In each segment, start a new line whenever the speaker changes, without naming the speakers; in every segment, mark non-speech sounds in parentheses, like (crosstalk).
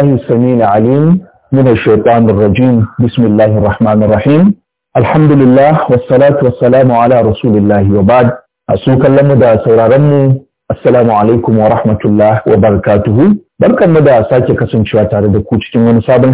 الله السميع العليم من الشيطان الرجيم بسم الله الرحمن الرحيم الحمد لله والصلاة والسلام على رسول الله وبعد أسوك اللهم دا سورارني السلام عليكم ورحمة الله وبركاته بركة مدى ساكي قسم شواتار tare da ku cikin wani sabon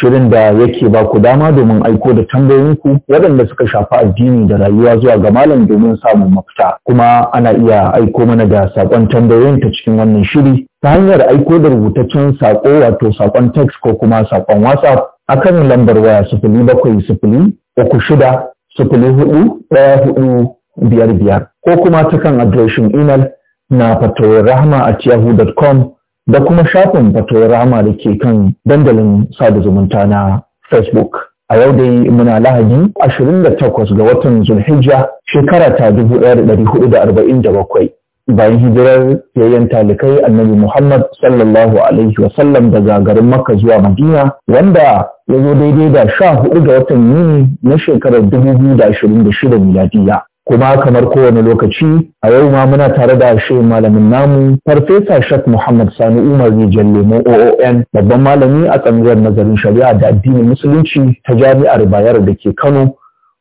shirin da yake ba ku dama domin aiko da tambayoyinku waɗanda suka shafi addini da rayuwa zuwa ga malam domin samun mafita kuma ana iya aiko mana da saƙon tambayoyin ta cikin wannan shiri ta hanyar aiko da rubutaccen saƙo wato saƙon text ko kuma saƙon whatsapp akan lambar waya sifili bakwai sifili uku shida sifili hudu ɗaya hudu biyar biyar ko kuma ta kan adireshin imal na fatawar rahma a yahoo.com da kuma shafin rama da ke kan dandalin sada zumunta na facebook a yau dai muna lahadi 28 ga watan zulhijja shekara ta 1447 bayan hijirar yayyan talikai annabi Muhammad sallallahu alaihi wasallam daga garin Makka zuwa Madina wanda ya zo daidai da sha hudu ga watan Yuni na shekarar 2026 miladiya. kuma kamar kowane lokaci a yau ma muna tare da shehu malamin namu farfesa shak muhammad sani umar jan lemo oon babban malami a tsangiyar nazarin shari'a da addinin musulunci ta jami'ar bayar da ke kano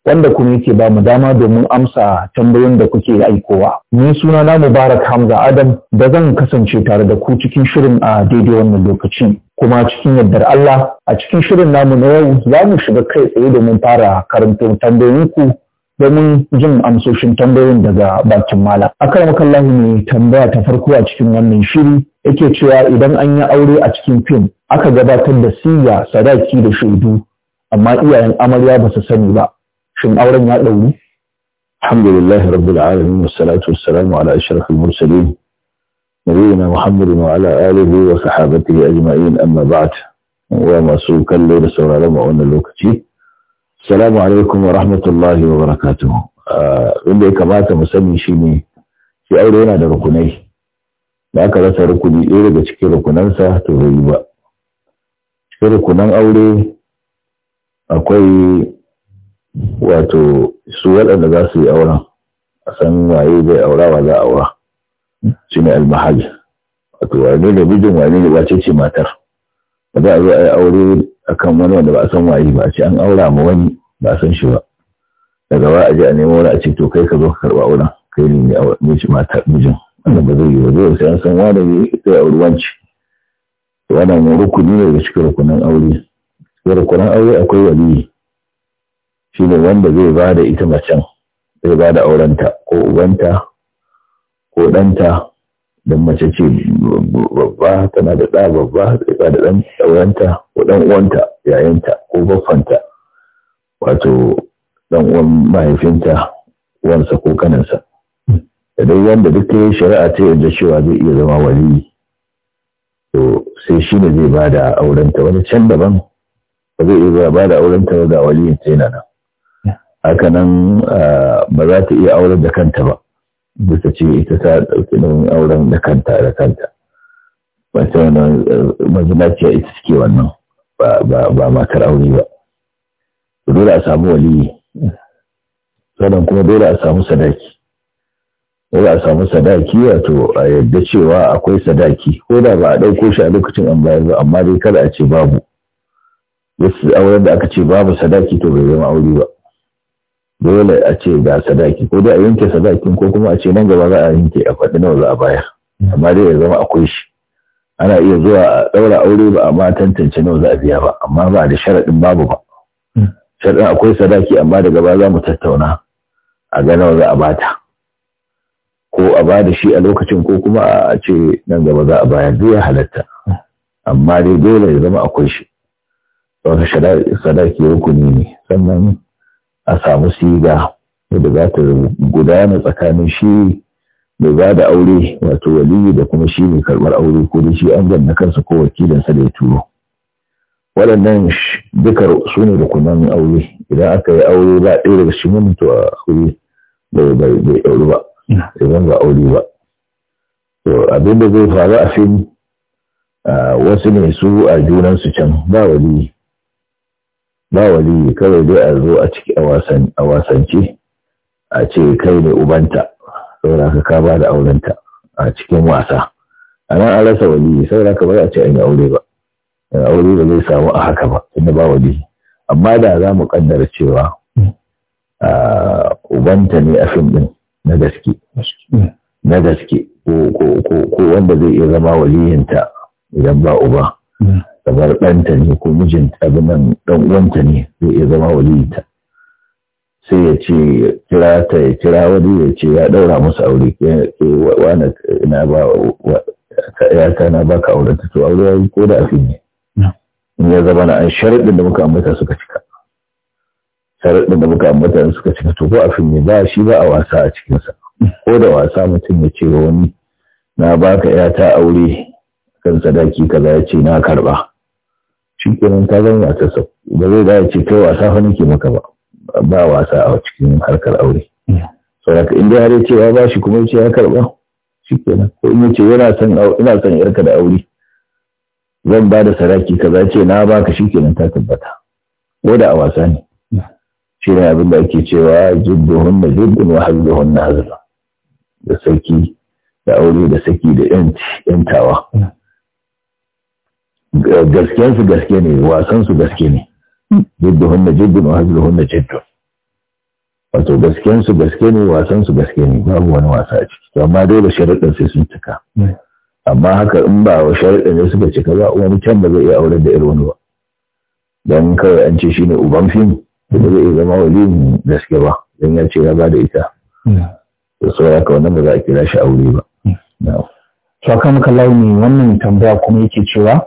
wanda kuma yake ba mu dama domin amsa tambayoyin da kuke aikowa ni suna na mubarak hamza adam da zan kasance tare da ku cikin shirin a daidai wannan lokaci kuma cikin yardar Allah a cikin shirin namu na yau za mu shiga kai tsaye domin fara karantar tambayoyinku domin jin amsoshin tambayoyin daga bakin malam. Akar makallahi ne tambaya ta farko a cikin wannan shiri yake cewa idan an yi aure a cikin fim aka gabatar da siya sadaki da shaidu amma iyayen amarya ba su sani ba shin auren ya ɗauri? Alhamdulillah rabbil alamin wassalatu wassalamu ala ashrafil mursalin nabiyina Muhammadin wa ala alihi wa sahabatihi ajma'in amma ba'd wa masu kallo da sauraron a wannan lokaci Salamu alaikum wa rahmatullahi wa barakatuhu. Wanda ah, ya kamata mu sani shi ne, shi aure yana da rukunai, da aka rasa rukuni ɗaya daga cikin rukunansa to bai ba. Cikin rukunan aure akwai wato su waɗanda za su yi auren, a san waye zai aura wa za aura, shi ne almahal. Wato wane da bijin wane da wace ce matar, ba za a zo a yi aure akan wani wanda ba san waye ba ce an aura ma wani ba san shi ba daga ba a ji a nemo wani a ce to kai ka zo ka karba auren kai ne mai ci mata mijin wannan ba zai yi ba zai san san wani ne sai auri wanci mu rukuni ne daga cikin rukunin aure rukunin aure akwai wani shi ne wanda zai ba da ita macen zai ba da aurenta ko ubanta ko ɗanta don mace ce babba tana da ɗa babba da da ɗan ɗauranta ko ɗan uwanta yayanta ko baffanta wato ɗan uwan mahaifinta uwansa ko kaninsa da dai wanda duk ya shari'a ta yanzu cewa zai iya zama wali to sai shi ne zai ba aurenta wani can daban ba zai iya ba da aurenta wani da waliyin ta yana nan haka ah, ba za ta iya aurar da kanta ba bisa ce ita ta ɗauki nauyin auren da kanta da kanta wata wannan eh, mazinaciya ita suke wannan ba matar aure ba dole a samu wali sannan kuma dole a samu sadaki dole a samu sadaki wato a yadda cewa akwai sadaki ko da ba a ɗauko shi a lokacin an bayar ba amma dai kada a ce babu wasu auren da aka ce babu sadaki to bai zama aure ba dole a ce ga sadaki ko dai a yanke sadakin ko kuma a ce nan gaba za a yanke a faɗi nawa za a bayar amma dai ya zama akwai shi ana iya zuwa a ɗaura aure ba amma tantance nawa za a biya ba amma ba da sharaɗin babu ba sharaɗin akwai sadaki amma daga baya za mu tattauna a ga nawa za a bata ko a ba da shi a lokacin ko kuma a ce nan gaba za a bayar duk ya halatta amma dai dole ya zama akwai shi wata sadaki rukuni ne sannan a samu siga da za ta gudana tsakanin shi da ba da aure wato waliyu da kuma shi ne karɓar aure ko da shi an ganna kansa ko wakilinsa da ya turo waɗannan duka su ne rukunan aure idan aka yi aure ba ɗaya daga shi mun to aure bai ɗauri ba idan ba aure ba to abin da zai faru a fim wasu ne su a junansu can ba waliyu ba waliyi kawai dai a zo a ciki a wasance a ce kai ne ubanta saura ka ba da aurenta a cikin wasa a nan an rasa waliyi saura ka bai a ce an yi aure ba aure ba zai samu a haka ba inda ba waliyi amma da za mu kaddara cewa ubanta ne a fim din na gaske na gaske ko wanda zai iya zama waliyinta idan ba uba kamar ɗanta ne ko mijinta abinan ɗan uwanta ne zai iya zama waliyita sai ya ce kira ta ya kira wani ya ce ya ɗaura musu aure wani na ba ba ka aure ta to aure ya yi ko da afin ne in ya zama na an sharaɗin da muka ambata suka cika sharaɗin da muka ambata suka cika to ko afin ne ba shi ba a wasa a cikinsa ko da wasa mutum ya ce wa wani na ba ka ya ta aure kan sadaki kaza ya ce na karba shi kenan ta zama wasa sau ba zai da ce kai wasa fa nake maka ba ba wasa a cikin harkar aure saboda in dai har ya ce ya ba shi kuma ya ce ya karba shi kenan ko in ya ce yana son ina son yarka da aure zan ba da saraki kaza ce na baka shi kenan ta tabbata ko da a wasa ne shi ne abin da ake cewa jiddohun da jiddin wa hazzohun na hazza da saki da aure da saki da yantawa gaskensu gaske ne wasansu gaske ne jiddu jiddun wa hunna jiddun wato gaskensu gaske ne wasansu gaske ne babu wani wasa a ciki to amma dole sharaɗin sai sun cika amma haka in ba wa sharaɗin ne suka cika ba wani can ba zai iya aure da irin wani ba don kawai an ce shine uban fim da zai iya zama waliyin gaske ba don ya ce ya ba da ita da ya ka wannan ba za a kira shi aure ba. Sakamaka launi wannan tambaya kuma yake cewa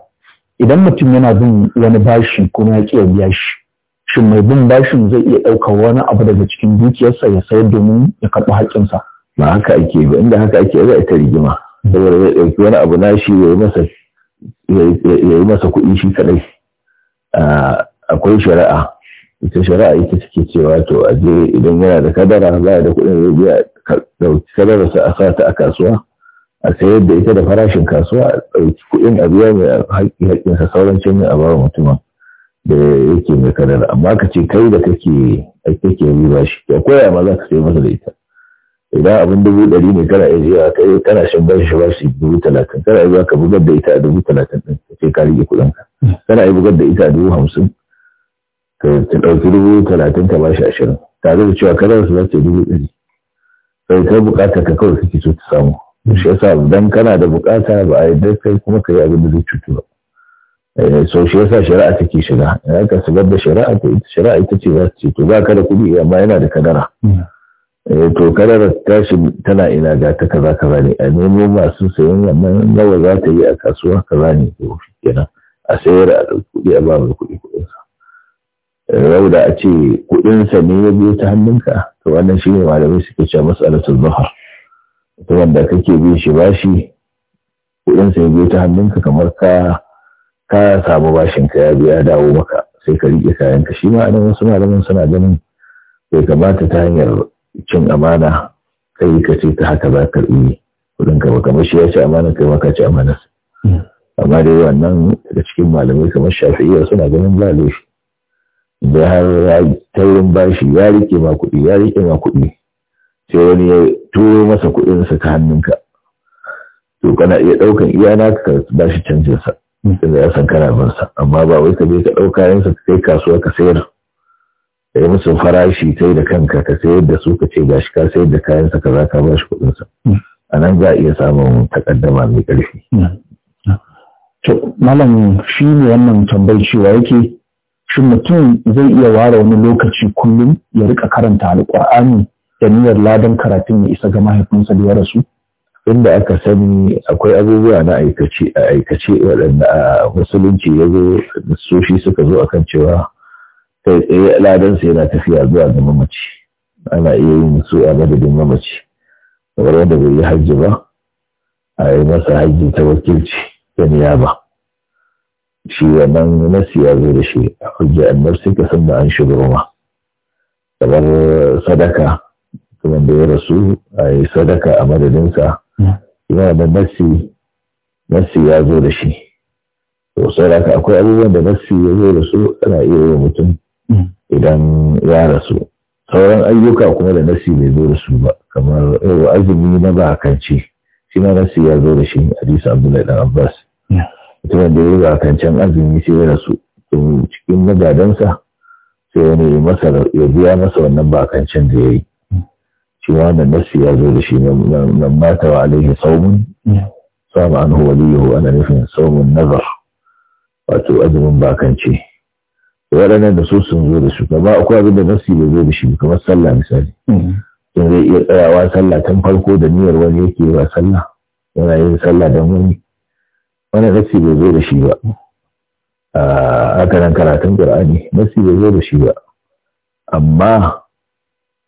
idan mutum yana bin wani bashi kuma ya ƙiyar biya shi shin mai bin bashin zai iya ɗaukar wani abu daga cikin dukiyarsa ya sayar domin ya karɓi haƙƙinsa ba haka ake ba inda haka ake za ta rigima saboda zai ɗauki wani abu nashi ya yi masa kuɗi shi kaɗai akwai shari'a ita shari'a ita take cewa to a je idan yana da kadara ba da kuɗin zai biya ɗauki kadararsa a sa ta a kasuwa a sayar da ita da farashin kasuwa a ɗauki kuɗin a biya mai haƙƙi haƙƙinsa sauran canjin a bawa mutumin da yake mai kadara amma ka ce kai da kake kake riba shi ya koya ma za ka sai masa da ita idan abin dubu ɗari ne kana iya zuwa kai kana shan bashi shi bashi dubu talatin kana iya zuwa ka bugar da ita a dubu talatin ɗin ka ce ka rage kuɗin kana iya bugar da ita a dubu hamsin ka ɗauki dubu talatin ka bashi ashirin tare da cewa kadar su za ta dubu ɗari sai kai buƙatar ka kawai kake so ta samu shi yasa dan kana da bukata ba a yadda kai kuma ka yi abin da zai cutu ba eh, so shi yasa shari'a take shiga Ya ka shigar da shari'a ta ita shari'a ita ce za ta ce to za ka da kuɗi amma yana da kadara hmm. eh, to kadara tashi tana ina ga ta kaza kaza ne a nemo masu sayan wannan nawa za ta yi a kasuwa kaza ne shi kenan a sayar a kuɗi a ba mu kuɗi kuɗinsa rauda eh, a ce kuɗinsa ne ya biyo ta hannunka to wannan shi ne malamai suke cewa mas'alatul zahar ta wanda kake bin shi bashi kudin ya biyo ta hannunka kamar ka ka samu bashin ka ya biya dawo maka sai ka rike kayan ka shi ma anan wasu malaman suna ganin bai kamata ta hanyar cin amana kai ka ce ta haka za ka karbi kudin ka ba kamar shi ya ce amana kai maka ce amana amma dai wannan daga cikin malamai kamar shafi'iyya suna ganin ba laifi da har ta taurin bashi ya rike ma kuɗi ya rike ma kuɗi sai wani ya turo masa kuɗinsa ta hannunka to kana iya ɗaukan iya naka ka ba shi sa inda ya san kana bansa amma ba wai ka je ka ɗauka kayansa ka kai kasuwa ka sayar da musu farashi sai da kanka ka sayar da su ka ce gashi ka sayar da kayansa ka za ka ba shi kuɗinsa a nan za a iya samun takaddama mai ƙarfi. To, malam shi ne wannan tambayi cewa yake, shin mutum zai iya ware wani lokaci kullum ya rika karanta alƙur'ani da niyyar ladan karatun ya isa ga mahaifinsa da ya rasu inda aka sani akwai abubuwa na aikace a aikace waɗanda a musulunci ya zo soshi suka zo akan cewa kai tsaye sa yana tafiya zuwa ga mamaci ana iya yin su a madadin mamaci kamar wanda bai yi hajji ba a yi masa hajji ta wakilci da niyaba shi wannan nasi ya zo da shi a hujja annar suka san da an shugaba kamar sadaka wanda ya rasu a yi sadaka a madadinsa yana da nassi nassi ya zo da shi to sadaka akwai abubuwan da nassi ya zo da su ana iya yi mutum idan ya rasu sauran ayyuka kuma da nassi bai zo da su ba kamar yau azumi na ba kance shi na nassi ya zo da shi hadisi abdullahi dan abbas mutumin da ya yi ba can, azumi sai ya rasu cikin magadansa sai wani masa ya biya masa wannan bakancin da ya yi shi wannan nasi ya zo da shi man mata wa alaihi saumun sama an huwa liyu ana nufin saumun nazar wato azumin bakance waɗannan da su sun zo da su kuma akwai abin da nasi bai zo da shi kamar sallah misali in mm-hmm. zai iya tsayawa sallah tun farko da niyyar wani yake yi wa sallah yana yin sallah da wani wani nasi bai zo da shi ba a ah, hakanan karatun qur'ani nasi bai zo da shi ba amma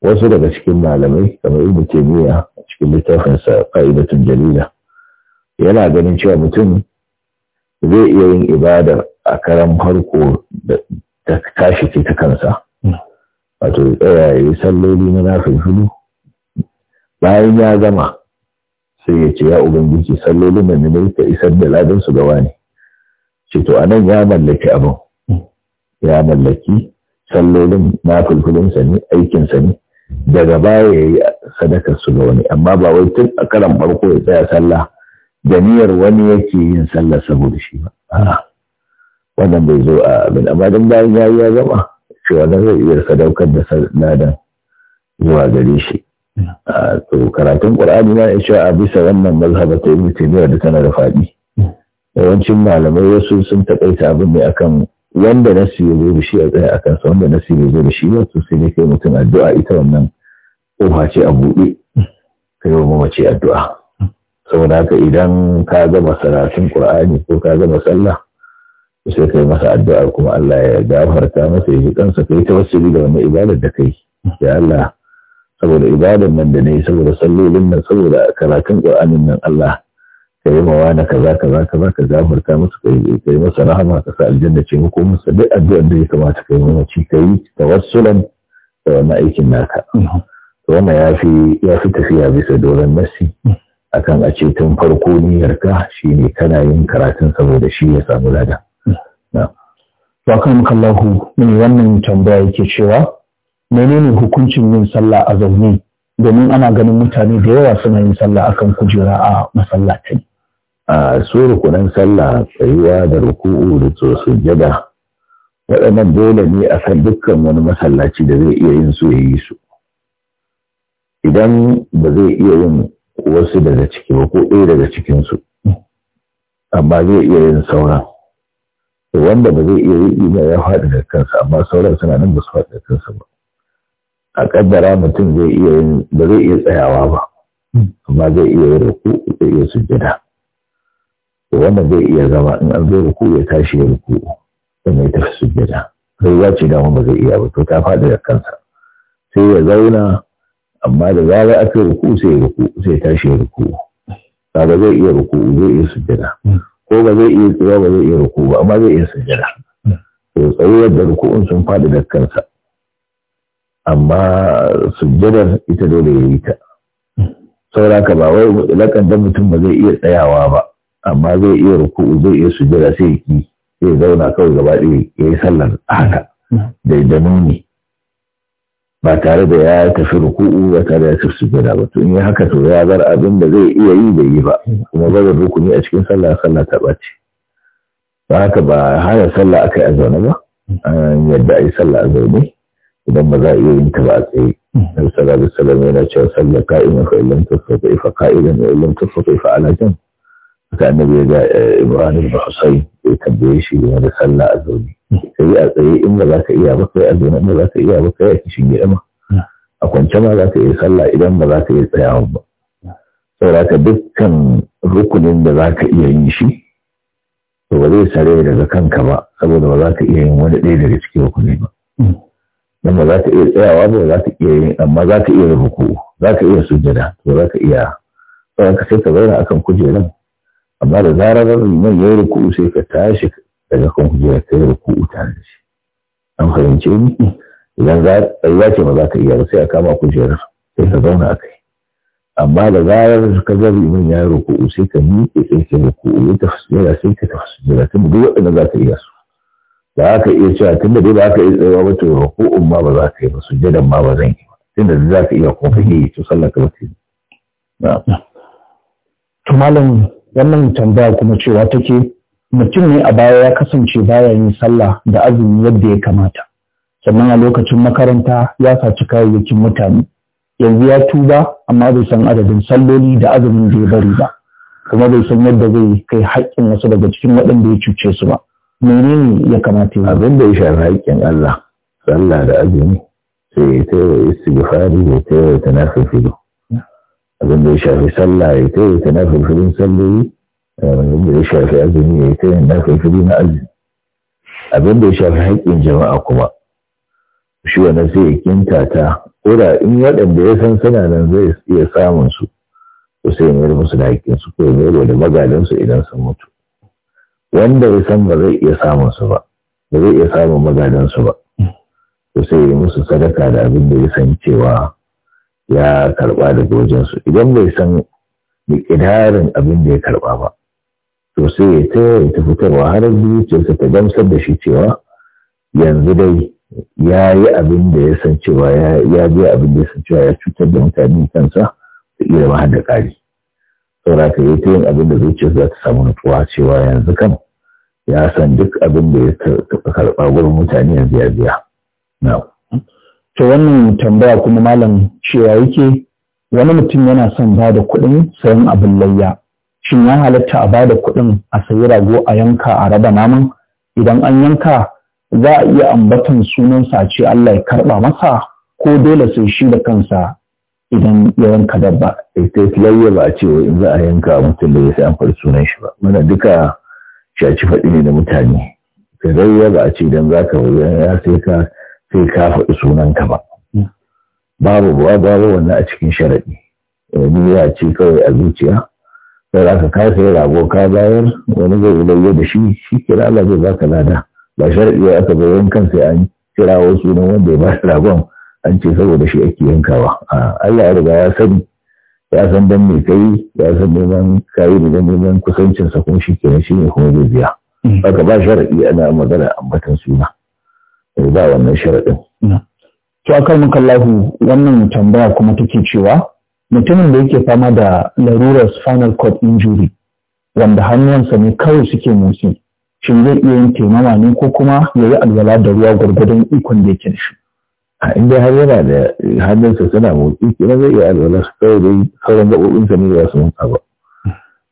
wasu daga cikin malamai kamar ibn taymiya cikin sa fa'idatul jalila yana ganin cewa mutum zai iya yin ibadar a karan harko da tashi ce ta kansa wato tsaya yi salloli na nafin hudu bayan ya gama sai ya ce ya ubangiji sallolin da nuna ta isar da ladan su gawa ne ce to a nan ya mallaki abin ya mallaki sallolin na fulfulinsa ne aikinsa ne daga baya ya yi sadakar su ga wani amma ba wai tun a karan farko ya tsaya sallah da niyyar wani yake yin sallah saboda shi ba wannan bai zo a abin amma don bayan ya yi ya zama shi wannan zai iya sadaukar da ladan zuwa gare shi to karatun qur'ani na isha a bisa wannan mazhaba ta ibn taymiyyah da tana da faɗi. yawancin malamai wasu sun taƙaita abin ne akan wanda na ya zo da shi a tsaye a kansa wanda na ya zo da shi ba sai ne kai mutum addu'a ita wannan ƙofa ce a buɗe kai wa mamace addu'a saboda haka idan ka gama saratun ƙur'ani ko ka gama sallah sai kai masa addu'a kuma Allah ya gafarta masa ya ji kansa kai ta wasu da wannan ibadar da kai ya Allah saboda ibadar nan da nayi saboda sallolin nan saboda karatun ƙur'anin nan Allah ka yi mawa na kaza kaza kaza ka gafarta musu ka yi masa rahama ka sa aljanna ce hukumar musu duk addu'ar da ya kamata ka yi mana ci ka yi wasulan da wannan aikin naka wannan ya fi ya fi tafiya bisa doron nasi akan a ce tun farko shi shine kana yin karatun saboda shi ya samu lada wa kan kallahu ne wannan tambaya yake cewa menene hukuncin yin sallah a zaune domin ana ganin mutane da yawa suna yin sallah akan kujera a masallatai a su rukunan sallah tsayuwa da ruku'u da sujjada waɗannan dole ne a san dukkan wani masallaci da zai iya yin su ya yi su idan ba zai iya yin wasu daga ciki ba ko ɗaya daga cikinsu amma zai iya yin sauran wanda ba zai iya yi ba ya faɗi da kansa amma sauran suna nan ba su faɗi da kansa ba a ƙaddara mutum zai iya yin ba zai iya tsayawa ba amma zai iya yin ruku zai iya sujjada wannan zai iya zama in an zo ruku ya tashi ya ruku in ya tafi sujjada sai ya ce dama ba zai iya ba to ta faɗi da kansa sai ya zauna amma da zarar aka ruku sai ruku sai tashi ya ruku ba zai iya ruku zai iya sujjada ko ba zai iya tsira ba zai iya ruku ba amma zai iya sujjada to tsayuwar da ruku'un sun faɗi da kansa amma sujjadar ita dole ya yi ta sauraka ba wai mutlakan da mutum ba zai iya tsayawa ba amma zai iya ruku'u zai iya sujjada sai ya ki zai zauna kawai gaba ɗaya ya yi sallar haka hmm. daidano ne ba tare da ya tafi ruku'u ba tare da ya tafi sujjada ba to in haka to ya bar abin da zai iya yi bai yi ba hmm. kuma barin rukuni a cikin sallah sallah ta ɓace ba haka ba hana sallah akai a zaune ba yadda a yi sallah a zaune idan ba za a iya yin ta ba a tsaye hmm. Nabi sallallahu alaihi wasallam yana cewa sallar ka'iman fa illam tasfa fa ka'idan wa illam tasfa fa ala jan haka annabi ya ga ibrahim ibn Husayn ya tambaye shi game da sallah a zaune yi a tsaye in ba za ka iya ba kai a zaune ba za ka iya ba kai a kishin gida ma a kwance ma za ka iya sallah idan ba za ka iya tsayawa ba saboda ka dukkan rukunin da za ka iya yi shi to ba zai sare daga kanka ba saboda ba za ka iya yin wani ɗaya daga cikin rukunin ba dan ba za ka iya tsayawa ba za ka iya yin amma za ka iya rubuku za ka iya sujjada to za ka iya saboda ka sai ka zauna akan kujerar amma da zarar liman ya yi ruku'u sai ka tashi daga kan kujera ka yi ruku'u tare shi an fahimce ni idan za ce ba za ka iya ba sai a kama kujerar sai ka zauna a kai amma da zarar ka ga liman ya yi ruku'u sai ka miƙe sai ruku'u ya tafi sujjera sai ka tafi sujjera tun duk waɗanda za ka iya su ba ka iya cewa tun da dai ba ka iya tsayawa ba to ruku'un ma ba za ka yi ba sujjadan ma ba zan yi ba tun da za ka iya kuma ka yi to sallar ka ba ta yi. To wannan tambaya kuma cewa take mutum ne a baya ya kasance baya yin sallah da azumi yadda ya kamata sannan a lokacin makaranta ya saci kayayyakin mutane yanzu ya tuba amma bai san adadin salloli da azumin da ya bari ba kuma bai san yadda zai kai haƙƙin wasu daga cikin waɗanda ya cuce su ba menene ya kamata ya abin da ya shafi haƙƙin Allah sallah da azumi sai ya tsaye istighfari ya tsaye tanafifilo abin da ya shafi sallah ya kai ta na fulfilin salloli abin da ya shafi azumi ya kai na fulfili na azumi abin da ya shafi haƙƙin jama'a kuma shi wannan sai ya ta koda in waɗanda ya san suna nan zai iya samun su ko sai ya mayar musu da haƙƙin su ko ya mayar da magadan su idan sun mutu wanda ya san ba zai iya samun su ba ba zai iya samun magadan su ba ko sai ya musu sadaka da abin da ya san cewa ya karba daga wajensu idan bai san miƙidarin abin da ya karba ba to sai ya yi ta fitarwa har zuciyarsa ta gamsar da shi cewa yanzu dai ya yi abin da ya san cewa ya biya abin da ya san cewa ya cutar da mutane kansa da iya ma da ƙari saboda ka yi ta yin abin da zuciyarsa za ta samu nutuwa cewa yanzu kan ya san duk abin da ya karɓa wurin mutane yanzu ya biya na'u ta wannan tambaya kuma malam cewa yake wani mutum yana son ba da kuɗin sayan abin layya shin ya halatta a ba da kuɗin a sayi rago a yanka a raba naman idan an yanka za a iya ambatan sunansa a ce Allah ya karɓa masa ko dole sai shi da kansa idan ya yanka dabba. Ita eh, layya ba a ce in za a yanka mutum da ya sai an faɗi sunan shi ba. Muna duka shaci faɗi ne da mutane. Ita layya ba a ce idan za ka ya sai ka sai ka faɗi sunanka ba babu buwa babu wannan a cikin sharaɗi wani eh, ya ce kawai a zuciya sai ka kasa rago ka bayar wani zai ilayya da shi shi kira Allah zai baka lada ba sharaɗi ya aka bayan kan sai an kirawo sunan wanda ya ba ragon an ce saboda shi ake yankawa Allah ya riga ya sani ya san dan me kai ya san neman kayi da neman kusancinsa kuma shi kenan shi ne kuma zai biya Baka hmm. ba sharaɗi ana magana ambatan suna Eh, ba wannan sharaɗin. To a kalmin kallahu wannan tambaya kuma take cewa mutumin da yake fama da larurar spinal cord injury wanda hannunsa ne kawai suke motsi shin zai iya yin taimama ne ko kuma ya yi alwala da ruwa gwargwadon ikon da yake shi. A inda har yana da hannunsa suna motsi kira zai iya alwala su kawai dai sauran gaɓoɓinsa ne za su motsa ba.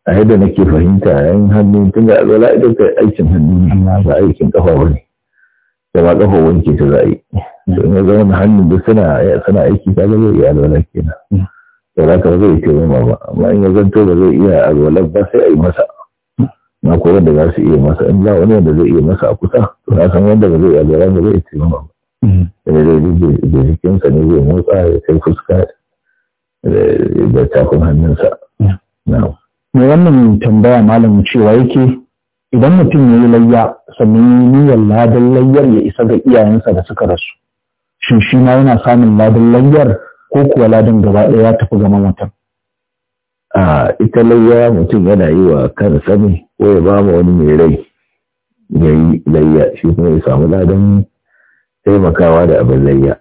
A yadda nake fahimta yayin hannu tun da alwala idan ka aikin hannu ba aikin kafa ba ne. da ba kafa wanke ta za yi don ya zama hannun da suna aiki ta zai iya alwala kenan da za ka zai ce zama ba amma in ya zanto ba zai iya alwala ba sai a yi masa na ko wanda za su iya masa in ba wani wanda zai iya masa a kusa to na san wanda ba zai iya alwala ba zai ce ba da zai ji da jikinsa ne zai motsa ya kai fuska da tafin hannunsa na wannan tambaya malam cewa yake idan mutum ya yi layya sannan niyyar ladan layyar ya isa ga iyayensa da suka rasu shin shi ma yana samun ladan layyar ko kuwa ladan gaba ɗaya ya tafi gama mutum a ita layya mutum yana yi wa kan ne ko ya ba ma wani mai rai ya yi layya shi kuma ya samu ladan taimakawa da abin layya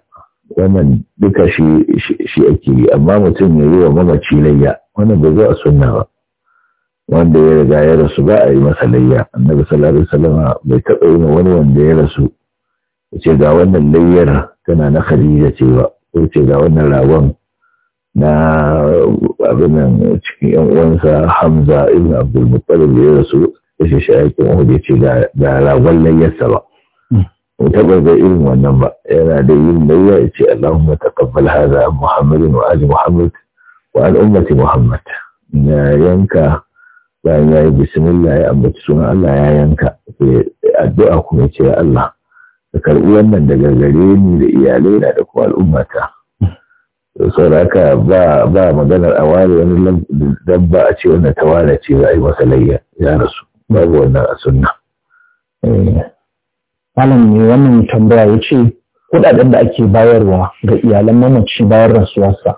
wannan duka shi ake yi amma mutum ya yi wa mamaci layya wannan bai zo a sunna ba wanda ya riga ya rasu ba a yi masa layya annabi sallallahu alaihi wasallam bai taɓa yi wani wanda ya rasu yace ga wannan layyar tana na Khadija ce ba yace ga wannan ragon na abin nan cikin yan uwansa Hamza ibn Abdul Muttalib ya rasu yace shi aikin Uhud yace ga ga ragon layyarsa ba hmm. bai taɓa ga irin wannan ba yana da yin layya yace Allahumma taqabbal hadha Muhammadin wa ali Muhammad wa al ummati Muhammad na yanka bayan ya yi bismillah ya ambaci sunan Allah ya yanka addu'a kuma ce ya Allah da karɓi wannan daga gare ni da iyalai na da kuma al'ummata sauraka ba ba maganar a ware wani dabba a ce wannan ta ware ce za a yi masa layya ya rasu babu wannan a sunna eh. malam ne wannan tambaya ya ce kuɗaɗen da ake bayarwa ga iyalan mamaci bayan rasuwarsa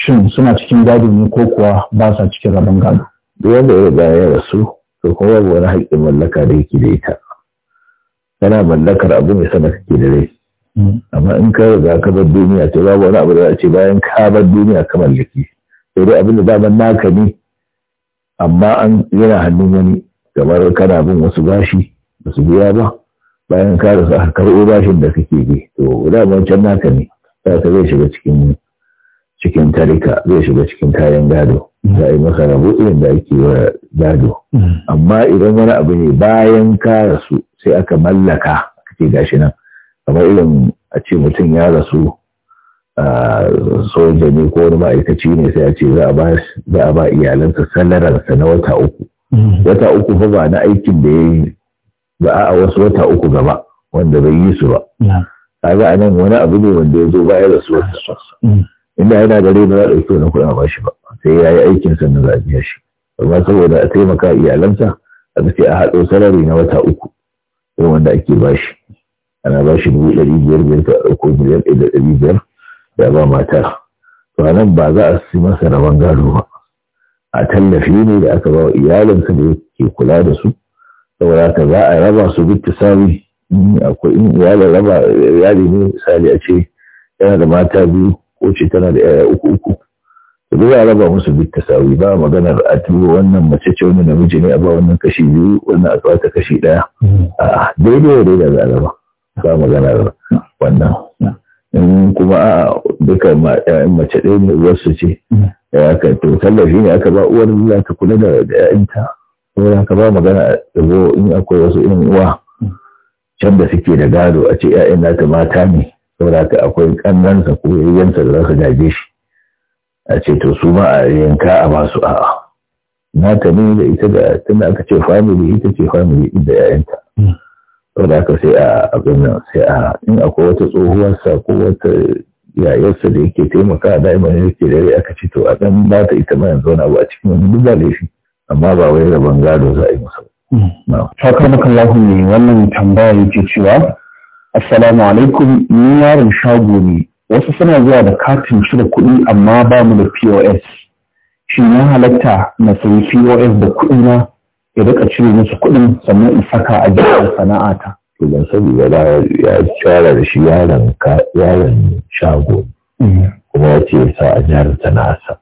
shin suna cikin gado ne ko kuwa ba sa cikin rabon gado duk wanda ya riga ya rasu to kuma babu wani haƙƙin mallaka da yake da ita kana mallakar abu ne sama kake da rai hmm. amma in ka riga ka bar duniya to babu wani abu da za a ce bayan ka bar duniya ka mallaki sai dai abin da daman naka ne amma an yana hannun wani kamar kana bin wasu bashi ba su biya ba bayan ka rasu a karɓo bashin da kake bi to daman can naka ne za ka zai shiga cikin cikin tarika zai shiga cikin kayan gado za a yi masa rabu irin da ake wa gado hmm. amma idan wani abu ne bayan ka rasu sai aka mallaka kake gashi nan kamar irin a ce mutum ya rasu soja ne ko wani ma'aikaci ne sai a ce za a ba iyalansa salararsa na wata uku hmm. wata uku fa ba na aikin da ya yi ba a wasu wata uku gaba wanda bai yi su ba hmm. kaga a nan wani abu ne wanda ya zo bayan su. inda yana gare rai za a ɗauki wani kuɗa ba shi ba sai ya yi aikin sa na zabiya biya shi amma saboda a taimaka iyalansa a ce a haɗo sarari na wata uku irin wanda ake ba shi ana ba shi dubu ɗari biyar biyar ta ɗauko miliyan ɗaya da ɗari biyar da ba mata to nan ba za a si masa rawan gado ba a tallafi ne da aka ba wa iyalinsa da yake kula da su saboda ta za a raba su bitta sami akwai in iyalin raba iyali ne misali a ce yana da mata biyu ko tana da yaya uku uku to duk a raba musu bit sauri, ba maganar a tuwo wannan mace ce wani namiji ne a ba wannan kashi biyu wannan a tsawata kashi ɗaya. Hmm. a daidai da daidai za a raba ba maganar wannan in kuma a duka mace ɗaya ne uwarsu ce hmm. ya ka to tallafi ne aka ba uwar za ta kula da ƴaƴanta ko za ka ba magana rabo in akwai wasu irin uwa hmm. can da suke da gado a ce ƴaƴan nata mata ne saboda haka akwai kannansa ko yayyansa da za su gaje shi a ce to su ma a yanka a basu a'a ta ne da ita da tunda aka ce family ita ce family da yayanta hmm. saboda haka sai a abin nan sai a in akwai wata tsohuwarsa ko wata yayarsa da yake taimaka da'ima ne yake da dare aka ce to a ɗan ba ta ita mayan yanzu wani abu a cikin wani duk da laifi amma ba wai rabon gado za a yi musu. Hmm. Shakar makallahu ne wannan tambaya yake cewa assalamu alaikum ni yaron shago ne wasu suna zuwa da katin cire kuɗi amma ba mu da pos shi na halatta na sayi pos da na ya rika cire musu kuɗin sannan in saka a jikin sana'ata to ban sani ba ya tsara da shi yaron yaron shago mm. kuma ya ce sa a jihar sana'arsa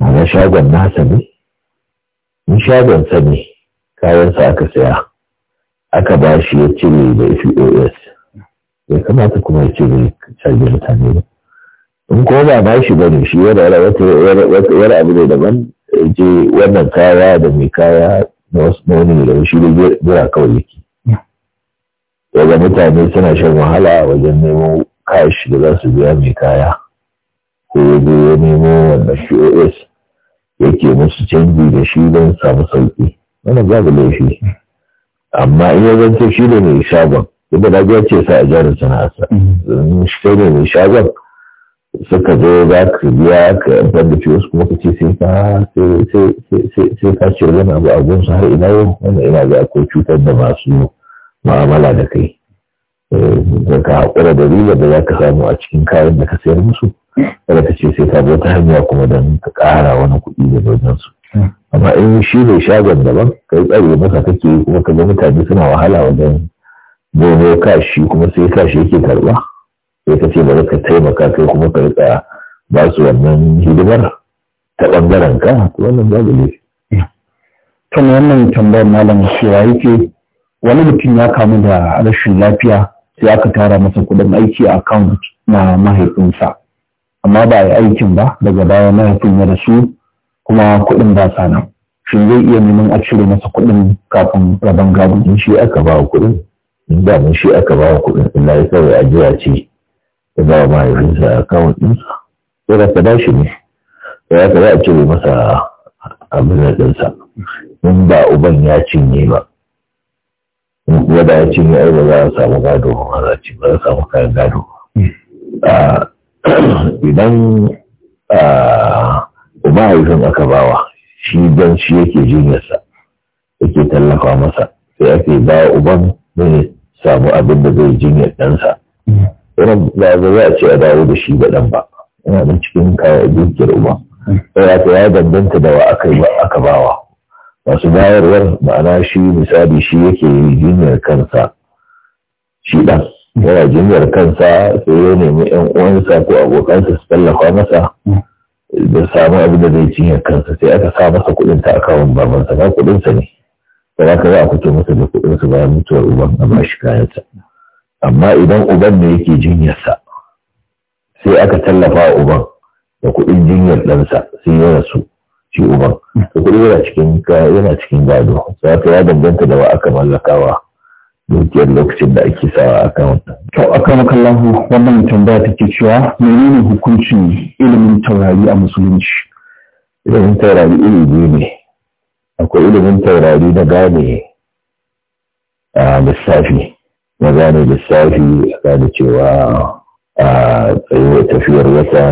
ma'ana shagon nasa ne in shagon sa ne kayansa aka saya aka ba shi ya ce mai da pos e ya kamata kuma ya ce
mai canjin mutane ba
in ko ba ba shi ba ne shi yana yana abu ne daban je wannan kaya da mai kaya na wasu nauni da shi da kawai yake daga mutane suna shan wahala wajen nemo kashi da za su biya mai kaya ko ya je ya nemo wannan pos e yake musu canji da shi don samu sauki wannan babu laifi amma in ya zance shi ne mai shagon yadda da ya ce sa a jarin sana'arsa domin shi ne mai shagon suka zo za ka biya ka ban da fiye kuma ka ce sai ka ce wani abu a gunsu har ina yau wanda ina za ko cutar da masu ma'amala da kai da eh, ka haƙura da riba da za ka samu a cikin kayan da ka sayar musu kada ka ce sai ka bi wata hanya kuma don ka ƙara wani kuɗi da wajensu amma in shi ne shagon daban kai tsare masa kake kuma ka ga mutane suna wahala wajen nemo kashi kuma sai kashi yake karba sai ka ce bari ka taimaka kai kuma ka rika ba su wannan hidimar ta bangaren ka wannan babu ne kan wannan tambayar malam cewa yake wani mutum ya kamu da rashin lafiya sai aka tara masa kuɗin aiki a kan na mahaifinsa amma ba a yi aikin ba daga baya mahaifin ya rasu kuma kuɗin ba sa nan shin zai iya neman a cire masa kuɗin kafin rabon gado shi aka ba kuɗin da mun shi aka ba kuɗin illa ya kawai a jiya ce ya ba wa mahaifinsa a kawo ɗinsa sai da ka dashi ne sai ka za a cire masa abin da ɗinsa in ba uban ya cinye ba in kuwa da ya cinye ai ba za a samu gado ba za a ci ba za a samu kayan gado hmm. ah, (clears throat) idan ah, mahaifin aka bawa shi don shi yake jinyarsa yake tallafa masa sai ake ba uban ne samu abin da zai jinyar ɗansa wannan ba za a ce a dawo da shi da ɗan ba yana nan cikin kayan dukiyar uba sai ta ya danganta da wa aka aka bawa masu bayarwar ma'ana shi misali shi yake jinyar kansa shi ɗan yana jinyar kansa sai ya nemi 'yan uwansa ko abokansa su tallafa masa da samu abin da zai cinye kansa sai aka sa masa kuɗin ta akawun babansa ba kuɗinsa ne ba za ka za a fito masa da kuɗinsa bayan mutuwar uban a ba shi kayansa amma idan uban ne yake jinyarsa sai aka tallafa uban da kuɗin jinyar ɗansa sai ya rasu shi uban da hmm. kuɗi yana cikin gado sai ya danganta da wa aka mallakawa dukiyar lokacin da ake sawa a kan wata. To a kan kallahu wannan tambaya ke cewa menene hukuncin ilimin taurari a musulunci? Ilimin taurari iri biyu ne. Akwai ilimin taurari na gane a lissafi, na gane lissafi a gane cewa a tsayuwar tafiyar wata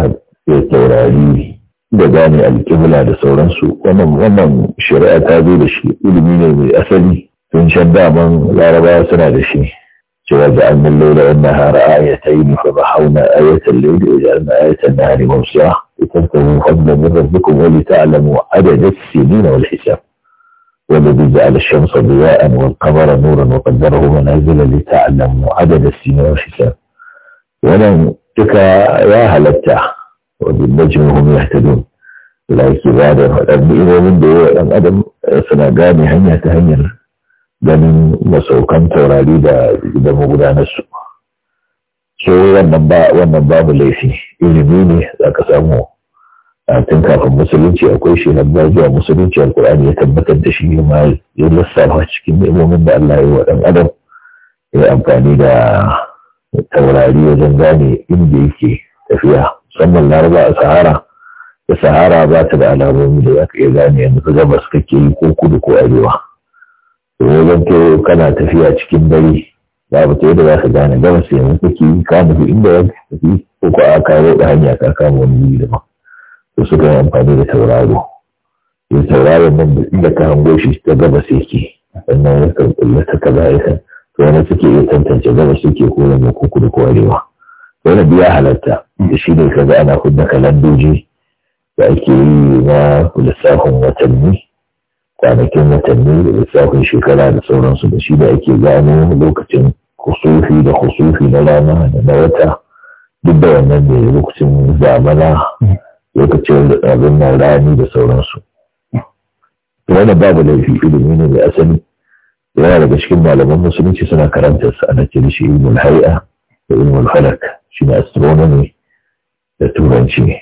ya taurari da gane alƙibla da sauransu wannan wannan shari'a ta zo da shi ilimi ne mai asali من شباب لا رضا يصنع بشيء جعلنا الليل والنهار آيتين فضحونا آية الليل وجعلنا آية النهار موسيا لتذكروا فضلا من ربكم ولتعلموا عدد السنين والحساب والذي جعل الشمس ضياء والقمر نورا وقدره منازل لتعلموا عدد السنين والحساب ولم تكا يا هلتا وبالنجم هم يهتدون لا يكبادر والأرض إذا من دواء أدم صنعاني هنيا تهنيا ganin masaukan taurari da idan magudanar su so wannan ba wannan babu laifi ilimi ne za ka samu a tun kafin musulunci akwai shi har zuwa musulunci alkur'ani ya tabbatar da shi ma ya lissafa cikin nemomin da Allah ya yi wa ɗan adam ya amfani da taurari wajen gane inda yake tafiya musamman laraba a sahara da sahara ba ta da alamomi da za ka iya gane yanzu gabas kake yi ko kudu ko arewa zan ke kana tafiya cikin dare babu ta yadda za ka gane gaba sai kake yi ka nufi inda ya tafi ko ko a kawo da hanya ka kama wani da ba to suka yi amfani da tauraro ya tauraro nan da inda ka hango shi ta sai ke. sannan ya kan ta kaza ya kan to wani suke iya tantance gabas suke ko da ko kudu ko arewa wani biya halatta da shi ne ga ana kunna kalandoji da ake yi na lissafin watanni kwanakin watanni da lissafin shekara da sauransu da shi da ake gano lokacin kusufi da kusufi na rana da na wata duk da wannan ne lokacin zamana lokacin da abin nan rani da sauransu wannan babu laifi ilimi ne mai asali yana daga cikin malaman musulunci suna karantar su ana kira shi ilmul hay'a da ilmul falak shi ne astronomy da turanci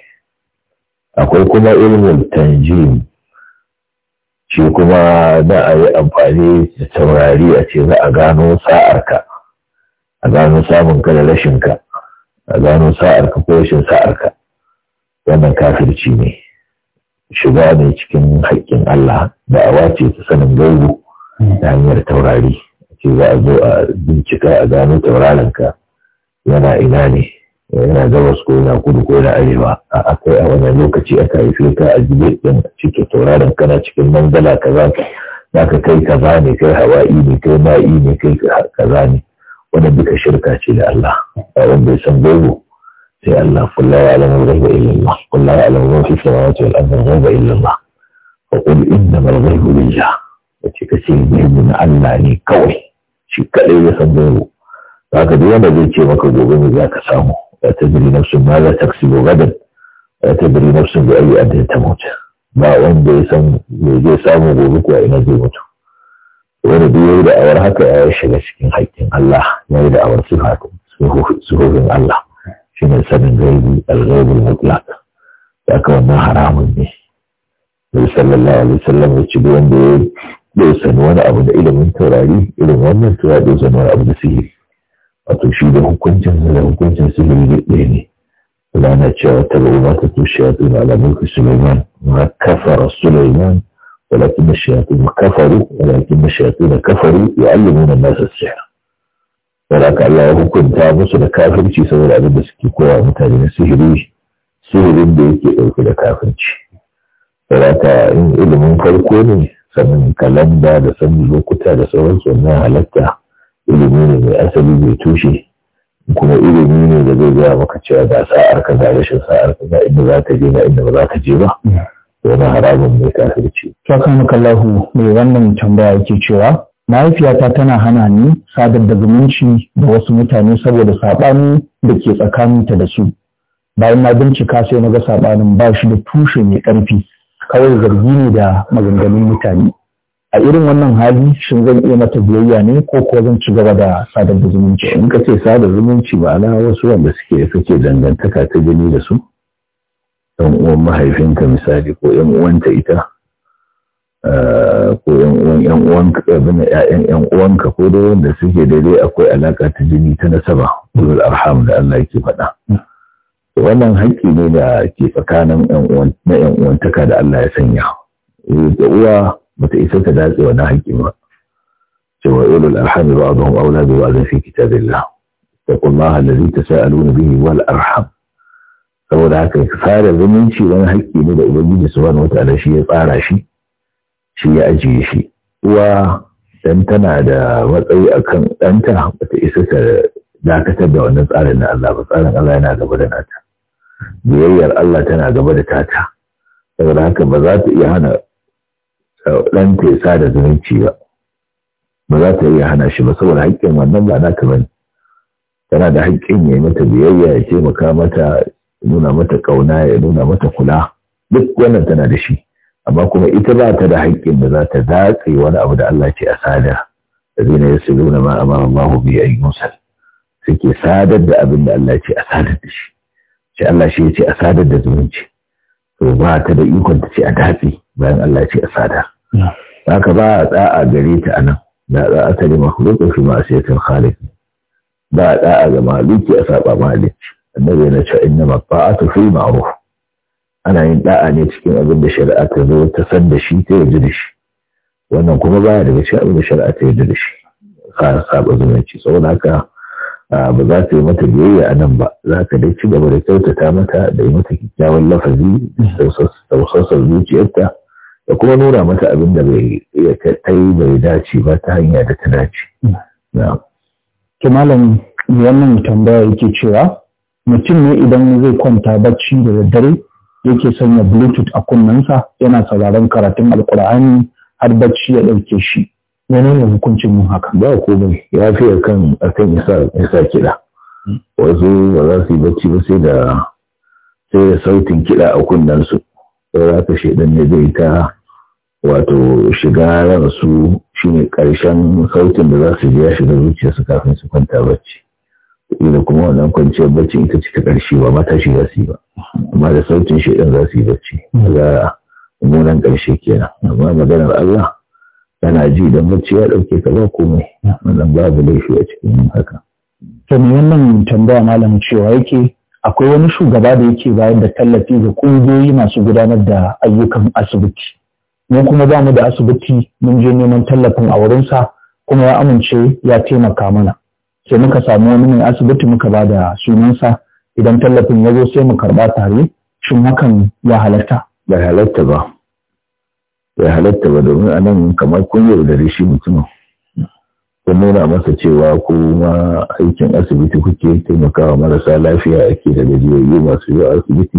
akwai kuma ilmul tanjim shi kuma da a yi amfani da taurari a ce za a gano sa'arka a gano samun ka da rashinka a gano sa'arka ko rashin sa'arka wannan kafirci ne shiga ne cikin haƙƙin Allah da awa ce ta sanin gaibu da hanyar taurari ce za a zo a bincika a gano taurarinka yana ina ne yana gabas ko yana kudu ko yana arewa a akai a wannan lokaci aka haife ka a jibe din cikin tauraron kana cikin manzala kaza ka kai kaza ne kai hawa'i ne kai ma'i ne kai kaza ne wanda duka shirka ce da Allah a wanda ya san gobe sai Allah kullu ya alamu ghaiba illa Allah kullu ya alamu fi samawati wal ardi ghaiba illa Allah fa qul innamal ghaibu lillah wace kace ghaibu na Allah ne kawai shi kaɗai ya san gobe zaka duk wanda zai ce maka gobe ne ka samu لا تدري نفس ماذا تكسب غدا لا تدري بأي أرض تموت ba wanda ya san me zai samu gobe ko ina zai mutu wanda duk da awar haka ya shiga cikin hakkin Allah yayi da awar sifatun sifofin Allah shine sanin garbi, al-ghaibul mutlaq da ka wannan haramun ne Nabi sallallahu alaihi wasallam ya ce wanda ya bai sani wani abu da ilimin taurari irin wannan to ya abu da sihiri wato shi da hukuncin da hukuncin sulhu ɗaya ne Allah na cewa talaba ta to shayatun ala mulki Sulaiman ma kafara Sulaiman walakin shayatun kafaru walakin shayatun kafaru yu'allimuna an-nas as-sihr walaka Allah ya hukunta musu da kafirci saboda abin da suke koya mutane na sihiri sihirin da yake ɗauke da kafirci walaka in ilimin farko ne sannan kalanda da sanin lokuta da sauransu na halatta ilimi ne mai asali mai tushe kuma ilimi ne da zai gaya maka cewa ga sa'ar ka ga rashin sa'ar ka ga inda za ta je ga inda ba za ta je ba wani haramun mai kafirci. Kallahu mai wannan tambaya ke cewa mahaifiyata tana hana ni sadar da zumunci da wasu mutane saboda saɓani da ke tsakaninta da su. Bayan na bincika sai na ga saɓanin ba shi da tushe mai ƙarfi kawai zargi ne da maganganun mutane. a irin wannan hali shin zan iya mata biyayya ne ko ko zan ci gaba da sadar da zumunci in ka ce sadar zumunci ba na wasu wanda suke kake dangantaka ta gani da su ɗan uwan mahaifinka misali ko ƴan uwanta ita ah, ko ƴan uwan ƴan uwanka ƴaƴan ƴan uwanka ko dai wanda suke daidai akwai alaka ta jini ta nasaba ulul arham da Allah yake faɗa wannan haƙƙi ne da ke tsakanin ƴan uwan na ƴan uwantaka da Allah ya sanya eh, uwa bata isa ta datse wannan haƙƙi ba cewa ulul arham ba'dhum da bi zai fi kitabillah taqullaha allazi tasaaluna bihi wal arham saboda haka fara zumunci wani haƙƙi ne da ubangiji wata wataala shi ya tsara shi shi ya ajiye shi uwa dan tana da matsayi akan ɗanta bata isa ta dakatar da wannan tsarin na Allah ba tsarin Allah yana gaba da nata biyayyar Allah tana gaba da tata saboda haka ba za ta iya hana ɗanta ya sa da zumunci ba ba za ta iya hana shi ba saboda haƙƙin wannan ba naka bane tana da haƙƙin ya yi mata biyayya ya taimaka mata nuna mata ƙauna ya nuna mata kula duk wannan tana da shi amma kuma ita ba ta da haƙƙin da za ta datse wani abu da Allah ce a sada da na ya su nuna ma amma Allah bi a yusal suke sadar da abin da Allah ce a sadar da shi shi Allah shi ya ce a sadar da zumunci to ba ta da ikon ta ce a datse bayan Allah ce a sadar haka ba a tsa'a gare ta anan da za a tare makhluqin fi masu khaliq ba a tsa'a ga maluki a saba mahalicci annabi yana cewa inna mata'atu fi ma'ruf ana yin da'a ne cikin abin da shari'a ta zo ta san da shi ta yi da shi wannan kuma ba daga cikin abin da shari'a ta yi da shi ka saba zumunci saboda haka ba za ta yi mata biyayya a nan ba za ka dai ci gaba da kyautata mata da yi mata kyakkyawan lafazi da tausasar zuciyarta da kuma nuna mata abin da bai iya kai bai dace ba ta hanya da ta dace. To malam wannan tambaya yake cewa mutum ne idan zai kwanta bacci da daddare yake sanya bluetooth a kunnensa yana sauraron karatun alkur'ani har bacci ya ɗauke shi menene hukuncin yin haka ba komai ya fi kan akan isa kiɗa hmm. wasu ba za su yi bacci ba sai da sautin kiɗa a kunnensu sai shaidan ne zai ta wato shiga su shi ne ƙarshen sautin da za su ji ya shiga zuciyarsu kafin su kwanta bacci ila kuma wannan kwanciyar bacci ita cika ta ƙarshe ba mata shi za su yi ba amma da sautin shaidan za su yi bacci a munan ƙarshe kenan amma maganar Allah yana ji da mace ya ɗauke ka ba komai wannan babu laifi a cikin haka. To wannan tambaya malam cewa yake akwai wani shugaba da yake bayar da tallafi ga ƙungiyoyi masu gudanar da ayyukan asibiti mu kuma ba mu da asibiti mun je neman tallafin a wurinsa kuma ya amince ya taimaka mana sai muka samu wani mai asibiti muka ba da sunansa idan tallafin ya zo sai mu karɓa tare shin hakan ya halatta bai halatta ba halatta ba domin anan kamar kun yaudare shi mutumin kun nuna masa cewa ko aikin asibiti kuke taimakawa marasa lafiya ake da gajiyoyi masu yi asibiti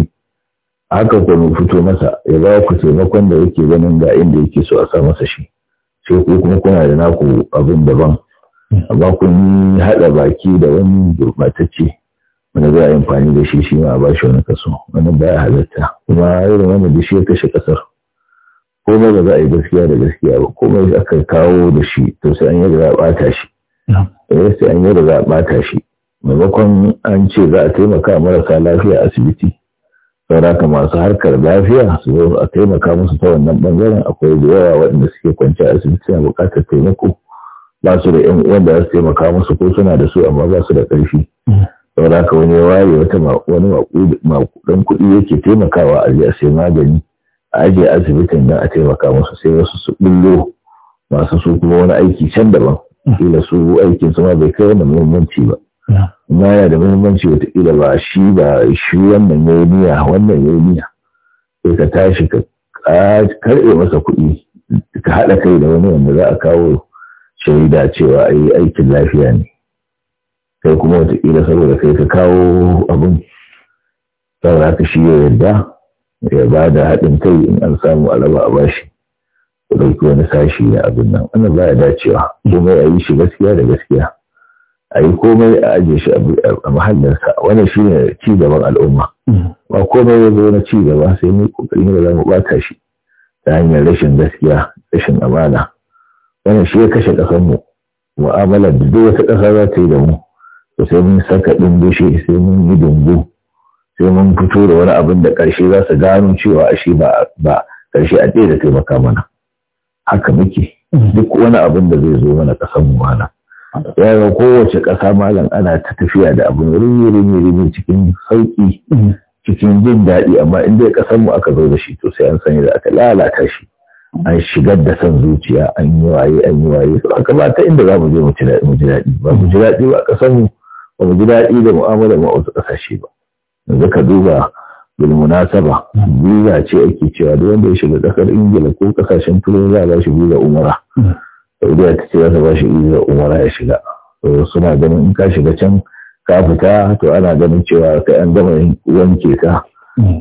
haka kuma fito masa ya ba ku taimakon da yake ganin ga inda yake so a sa masa shi sai ku kuma kuna da naku abin daban amma kun yi haɗa baki da wani gurbatacce wanda za a yi amfani da shi shi ma a ba shi wani kaso wani baya halatta kuma irin wani da shi ya kashe kasar komai ba za a yi gaskiya da gaskiya ba komai aka kawo da shi to sai an yi da za a shi ya eh, sai an yi da za shi maimakon an ce za a taimaka marasa lafiya asibiti sauraka masu harkar lafiya su zo a taimaka musu ta wannan bangaren akwai da yawa waɗanda suke kwanci a asibiti suna buƙatar taimako ba su da yan uwan da za su taimaka musu ko suna da su amma ba su da ƙarfi mm. ka wani waye wata wani maƙudan kuɗi yake taimakawa a je a sai magani Ajiye aje asibitin dan a taimaka musu sai wasu su bullo masu su kuma wani aiki can daban kila su aikin su ma bai kai wannan muhimmanci ba amma yana da muhimmanci wataƙila ba shi ba shi wannan ya yi niyya wannan ya yi niyya sai ka tashi ka karɓe masa kuɗi ka haɗa kai da wani wanda za a kawo shaida cewa a aikin lafiya ne kai kuma wataƙila saboda kai ka kawo abin saboda ka shi ya yarda ya ba da haɗin kai in an samu alaba a bashi ku ɗauki wani sashi na abin nan wannan ba ya dacewa kuma ya yi shi gaskiya da gaskiya a yi komai a ajiye shi a mahallinsa wannan shi ne ci gaban al'umma ba komai ya zo na ci gaba sai mu kokarin da za mu ɓata shi ta hanyar rashin gaskiya rashin amana wannan shi ya kashe ƙasanmu mu'amalar da duk wata ƙasa za ta yi da mu to sai mun saka ɗin bushe sai mun yi dungu sai mun fito da wani abin da ƙarshe za su gano cewa ashe ba ba ƙarshe a ɗaya da taimaka mana haka muke duk wani abin da zai zo mana ƙasan mu mana ya kowace ƙasa malam ana ta tafiya da abin rinye-rinye cikin sauƙi cikin jin daɗi amma in dai ƙasar mu aka zo da shi to sai an sani da aka lalata shi an shigar da son zuciya an yi waye an yi waye to aka ba ta inda za mu je mu ji daɗi ba mu ji daɗi ba ƙasar mu ba mu ji daɗi da mu'amala ma wasu ƙasashe ba yanzu ka duba bilmunasaba visa ce ake cewa duk wanda ya shiga kasar ingila ko kasashen turai za a ba shi visa umara saudiya ta ce za ta ba shi visa umara ya shiga suna ganin in ka shiga can ka fita to ana ganin cewa ka yan gama wanke ka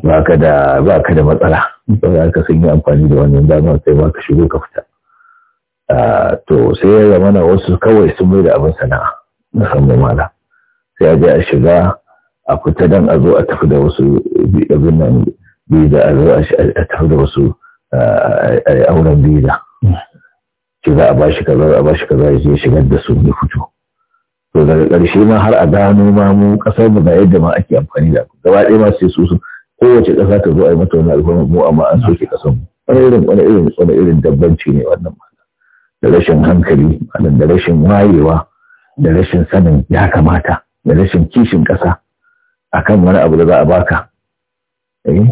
ba ka da matsala saboda ka sun yi amfani da wannan damar sai ba ka shigo ka fita to sai ya zama na wasu kawai sun mai da abin sana'a musamman mala sai a je a shiga a fita don a zo a tafi da wasu abin nan biza a zo a tafi da wasu a auren biza ce za a bashi kaza a bashi kaza ya je shigar da su ya fito to daga karshe ma har a gano ma mu kasar mu ga yadda ma ake amfani da gaba ɗaya ma sai su su kowace ƙasa ta zo a yi mata wani alfarma mu amma an soke ƙasar mu wani irin wani irin wani irin dabbanci ne wannan ma. da rashin hankali da rashin wayewa da rashin sanin ya kamata da rashin kishin ƙasa akan wani abu da za a baka eh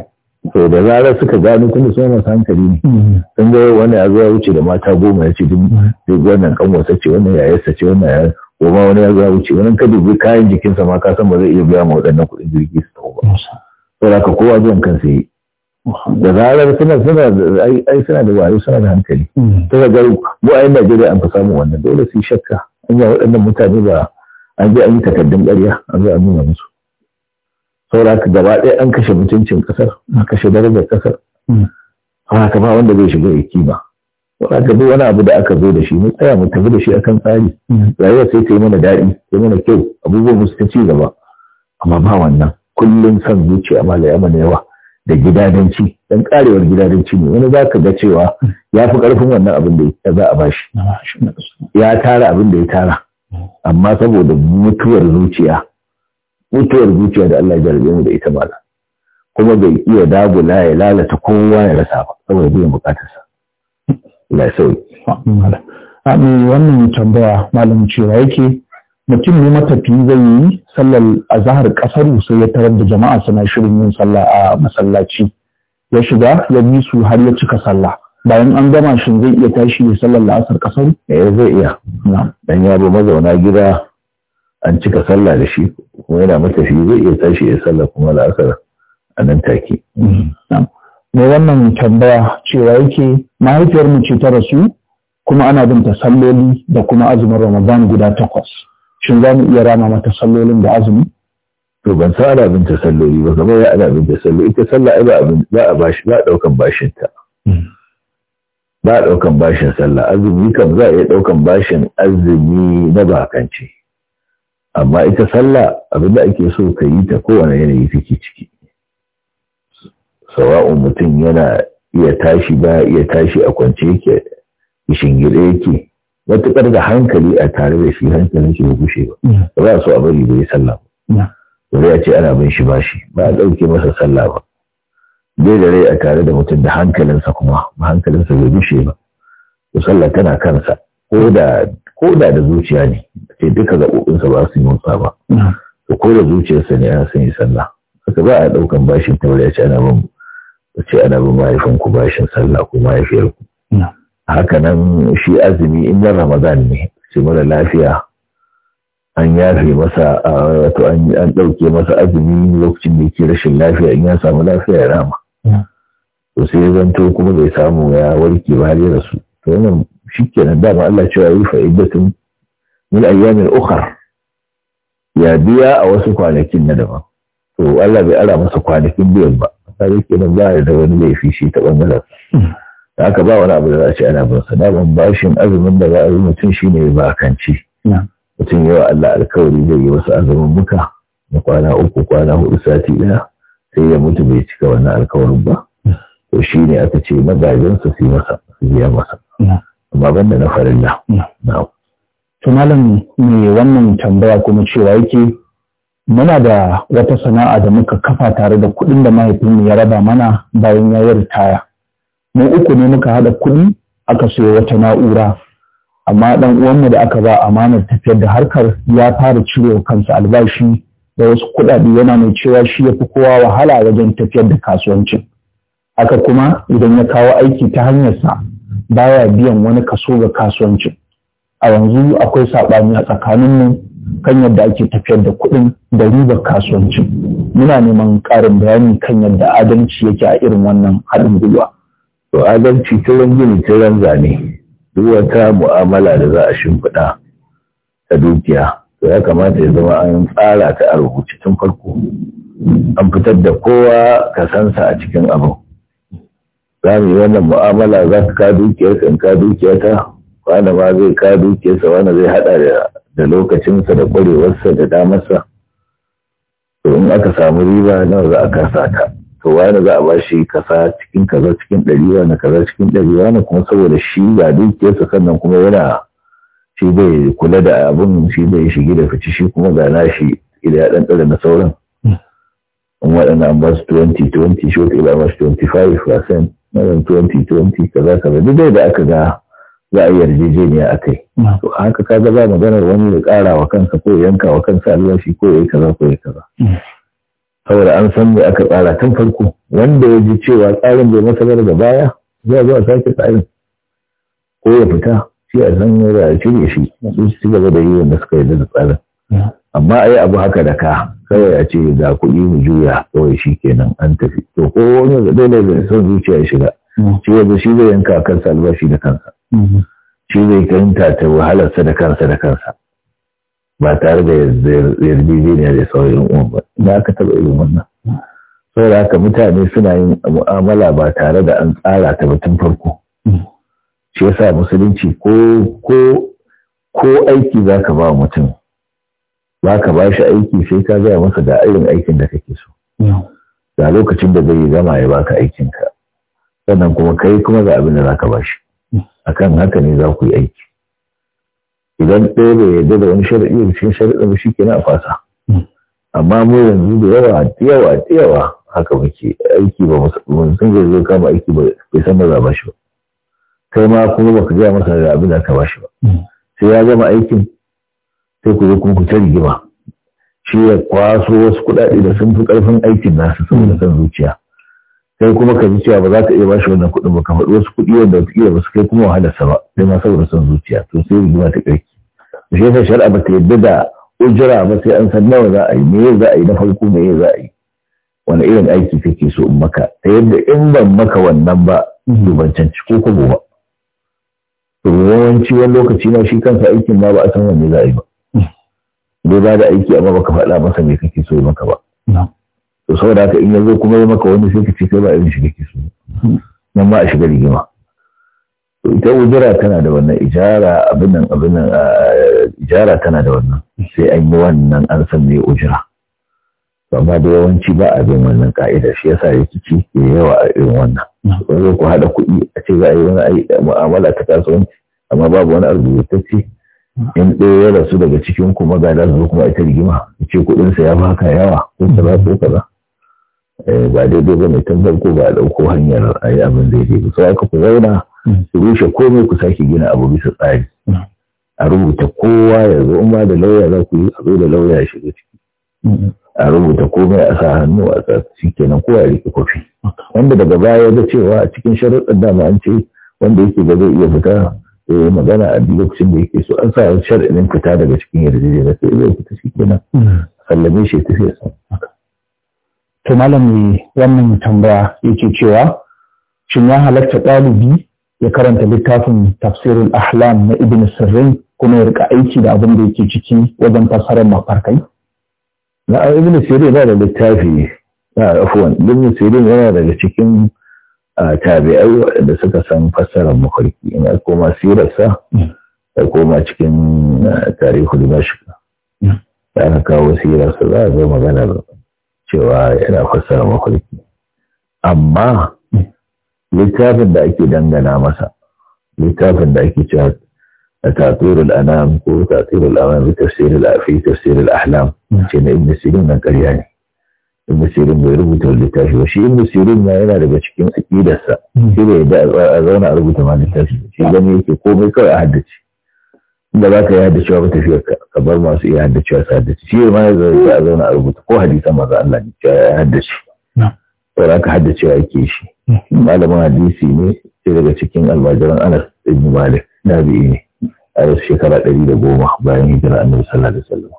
to da zarar suka gano kuma sun masu hankali ne mm. sun ga wani ya zuwa wuce da mata goma ya ce duk wannan wasa ce wannan yayarsa ce wannan ya ko ma wani ya zuwa wuce wannan ka dubi kayan jikinsa ma ka san ba zai iya biya ma waɗannan kuɗin jirgi su ta ba to da ka kowa zuwan kansa yi da zarar suna suna ai suna da wayo suna da hankali mm. ta ga garu mu a Najeriya an fi samun wannan dole su yi shakka an yi waɗannan mutane ba an je an yi takardun ƙarya an zo an nuna musu saboda haka gaba ɗaya an kashe mutuncin ƙasar an kashe darajar ƙasar hmm. haka ba wanda zai shiga yaki ba haka wani abu da aka zo da shi mu tsaya mu tafi da shi akan tsari hmm. rayuwar sai ta yi mana daɗi ta mana kyau abubuwan mu ta ci gaba amma ba wannan kullum son zuciya ma ya na yawa da gidadanci dan karewar gidadanci ne wani za ka ga cewa ya fi ƙarfin wannan abin da ya za a bashi ya tara abin da ya tara hmm. amma saboda mutuwar zuciya mutuwar zuciya da Allah ya mu da ita mala kuma bai iya dagula ya lalata kowa ya rasa ba saboda biyan bukatarsa la sai amin wannan tambaya malam cewa yake mutum ne matafi zai yi sallar zahar kasar sai ya tarar da jama'a suna shirin yin sallah a masallaci ya shiga ya bi su har ya cika sallah bayan an gama shin zai iya tashi ya sallar la'asar kasar eh zai iya dan yaro mazauna gida an cika sallah da shi kuma yana matafi zai iya tashi ya sallah kuma la'asar a nan take. Mai wannan tambaya cewa yake mahaifiyar mu ce ta rasu kuma ana bin ta salloli da kuma azumin Ramadan guda takwas. Shin za mu iya rama mata sallolin da azumi? To ban sa ana bin ta salloli ba kamar ya ana bin ta salloli ita sallah ai ba a bashi ba a daukan bashin ta. Hmm. Ba a ɗaukan bashin sallah azumi kam za a iya ɗaukan bashin azumi na bakanci. amma ita sallah abin da ake so ka yi ta kowane yanayi take ciki sawa'un mutum yana iya tashi ba iya tashi a kwance yake shingire yake matuƙar da hankali a tare da shi hankalin shi ya gushe ba za su a bari bai sallah ba zai ya ce ana bin shi ba shi ba a ɗauke masa sallah ba dai da rai a tare da mutum da hankalinsa kuma ba hankalinsa bai gushe ba to sallah tana kansa ko da ko da da zuciya ne ce duka gaɓoɓinsa ba su yi motsa ba to ko da zuciyarsa ne ana son yi sallah haka ba a ɗaukan bashin taure a ce ana bin ce ana mahaifinku bashin sallah ko mahaifiyarku haka nan shi azumi in na ramadan ne ce mara lafiya an yafe masa wato an ɗauke masa azumi lokacin da yake rashin lafiya in ya samu lafiya ya rama to sai zanto kuma bai samu ya warke ba har ya rasu shi ke shikenan dama Allah cewa yi fa'idatun min ayyamin ukar ya biya a wasu kwanakin na daban to Allah bai ara masa kwanakin biyan ba sai kenan ba da wani laifi shi ta bangaren da aka ba wani abu da za a ce ana bin sa daman bashin azumin da za a yi mutum shi ne kanci mutum yawa Allah alkawari zai yi wasu azumin muka na kwana uku kwana hudu sati ɗaya, sai ya mutu bai cika wannan alkawarin ba to shi ne aka ce magajinsa su yi masa su biya masa amma ban da na farilla to malam ne wannan tambaya kuma cewa yake muna da wata sana'a da muka kafa tare da kuɗin da mahaifinmu ya raba mana bayan ya yi ritaya mu uku ne muka haɗa kuɗi aka sayo wata na'ura amma ɗan uwanmu da aka ba amanar tafiyar da harkar ya fara cirewa kansa albashi da wasu kuɗaɗe yana mai cewa shi ya fi kowa wahala wajen tafiyar da kasuwancin haka kuma idan ya kawo aiki ta hanyarsa baya biyan wani kaso ga kasuwanci a yanzu akwai saɓani a tsakanin mu kan yadda ake tafiyar da kuɗin da ribar kasuwanci muna neman ƙarin bayani kan yadda adalci yake a irin wannan haɗin gwiwa. to adalci tiran gini tiran zane duk wata mu'amala da za a shimfiɗa ta dukiya to ya kamata ya zama an tsara ta a rubuce tun farko an fitar da kowa ka sansa a cikin abu za mu yi wannan mu'amala za ka ka dukiyar kan ka dukiyar ta wani ma zai ka sa wani zai hada da lokacinsa da kwarewarsa da damarsa to in aka samu riba nawa za a kasa ta to wani za a bashi kasa cikin kaza cikin ɗari wani kaza cikin ɗari wani kuma saboda shi ba dukiyarsa sannan kuma yana shi bai kula da abin shi bai shige da fici shi kuma ga nashi ila ya ɗan na sauran hmm. in waɗanda an ba su 20 20 shi wata ila ba su 25 percent magan 2020 kaza kaza duk dai da aka ga za a yi yarjejeniya a kai to haka ka za maganar wani da ƙara wa kansa ko yanka wa kansa albashi ko ya yi kaza ko ya kaza saboda an san me aka tsara tun farko wanda ya ji cewa tsarin bai masa da baya zai zo a sake tsarin ko ya fita shi a san a cire shi su ci gaba da yi wanda suka yi da tsarin amma ai abu haka da ka kawai a ce ga kuɗi mu juya kawai shi kenan an tafi to ko wani dole da son zuciya ya shiga mm. shi wanda shi zai yanka kansa albashi da kansa mm-hmm. shi zai kanta ta wahalarsa da kansa da kansa ba tare da yarjejeniya da sauran uwan ba na ka taɓa irin wannan saboda haka mutane suna yin mu'amala ba tare da an tsara ta batun farko mm. shi yasa musulunci ko ko ko aiki zaka ba mutum za ka ba shi aiki sai ka gaya masa da irin aikin da kake so da lokacin da zai gama ya baka aikinka sannan kuma kai kuma ga abin da za ka ba shi akan haka ne za ku yi aiki idan ɗaya bai yarda da wani shari'i da cikin sharaɗin ba shi ke a fasa amma mu yanzu da yawa yawa yawa haka muke aiki ba mun san zai zo kama aiki ba bai san maza ba shi ba kai ma kuma ba ka gaya masa da abin da ka ba shi ba sai ya gama aikin sai ku zo kuma ku ta rigima shi ya kwaso wasu kuɗaɗe da sun fi ƙarfin aikin nasu saboda son zuciya sai kuma ka cewa ba za ka iya bashi wannan kuɗin ba ka faɗi wasu kuɗi wanda wataƙila ba su kai kuma sa ba sai ma saboda son zuciya to sai rigima ta ƙarfi da shi yasa shari'a ba ta yadda da ujira ba sai an san nawa za a yi me za a yi na farko me za a yi wani irin aiki kake so in maka ta yadda in ban maka wannan ba ban canci ko kuma ba to yawanci wani lokaci na shi kansa aikin ma ba a san wanne za a yi ba bai ba da aiki amma baka faɗa masa me kake so maka ba to saboda haka in yanzu kuma ya maka wani sai ka ce kai ba irin shi kake so nan ma a shiga rigima to ita ujira tana da wannan ijara abin nan abin nan ijara tana da wannan sai an yi wannan an san me ujira amma da yawanci ba a bin wannan ka'ida shi yasa ci ke yawa a irin wannan wani ku haɗa kuɗi a ce za a yi wani mu'amala ta kasuwanci amma babu wani arziki in ɗaya ya rasu daga cikin kuma ga da zuwa kuma ita rigima ce kuɗinsa ya baka yawa ko ba ko kaza eh, ba daidai ba mai tambar ko ba a ɗauko hanyar a yi abin daidai ba sai aka ku zauna hmm. ku rushe komai ku sake gina abu bisa tsari hmm. a rubuta kowa ya zo in ba da lauya za ku yi a zo da lauya ya shiga ciki hmm. a rubuta komai a sa hannu a sa shi kenan kowa ya riƙe kofi wanda daga baya ya ga cewa a cikin sharuɗin dama an ce wanda yake ba zai iya fita eh magana a duk lokacin da yake so an sa shar'in fita daga cikin yarjejeniya sai zai fita shi kenan hmm. sallame shi ta fiye to malam ne wannan tambaya yake cewa shin ya halatta ɗalibi ya karanta littafin tafsirin ahlam na ibn sirrin kuma ya rika aiki da abin da yake ciki wajen fassarar mafarkai na ibn sirrin yana da littafi na afuwan ibn sirrin yana daga cikin tabi'ai da suka san fassarar mafarki in a koma sirarsa ya koma cikin eh, tarihul mashika da aka kawo sirarsa za a zo maganar cewa yana fassarar mafarki amma littafin da ake dangana masa littafin da ake cewa a تأطير الأنام وتأطير الأنام بتفسير tasirin تفسير الأحلام كان ابن nan karya ne. ibn sirin bai rubuta littafi ba shi ibn sirin ma yana daga cikin aqidarsa hmm. shi bai da a zauna a rubuta ma littafi shi gani yake komai kawai a haddace da za ka yi haddacewa ba tafiya ka bar masu iya haddacewa su haddace shi ma ya zauna a zauna a rubuta ko hadisan maza Allah ne ya haddace to za ka haddacewa yake shi hmm. malamin hadisi ne sai daga cikin almajiran Anas ibn Malik nabi ne a shekara ɗari da goma bayan hijira annabi sallallahu alaihi wasallam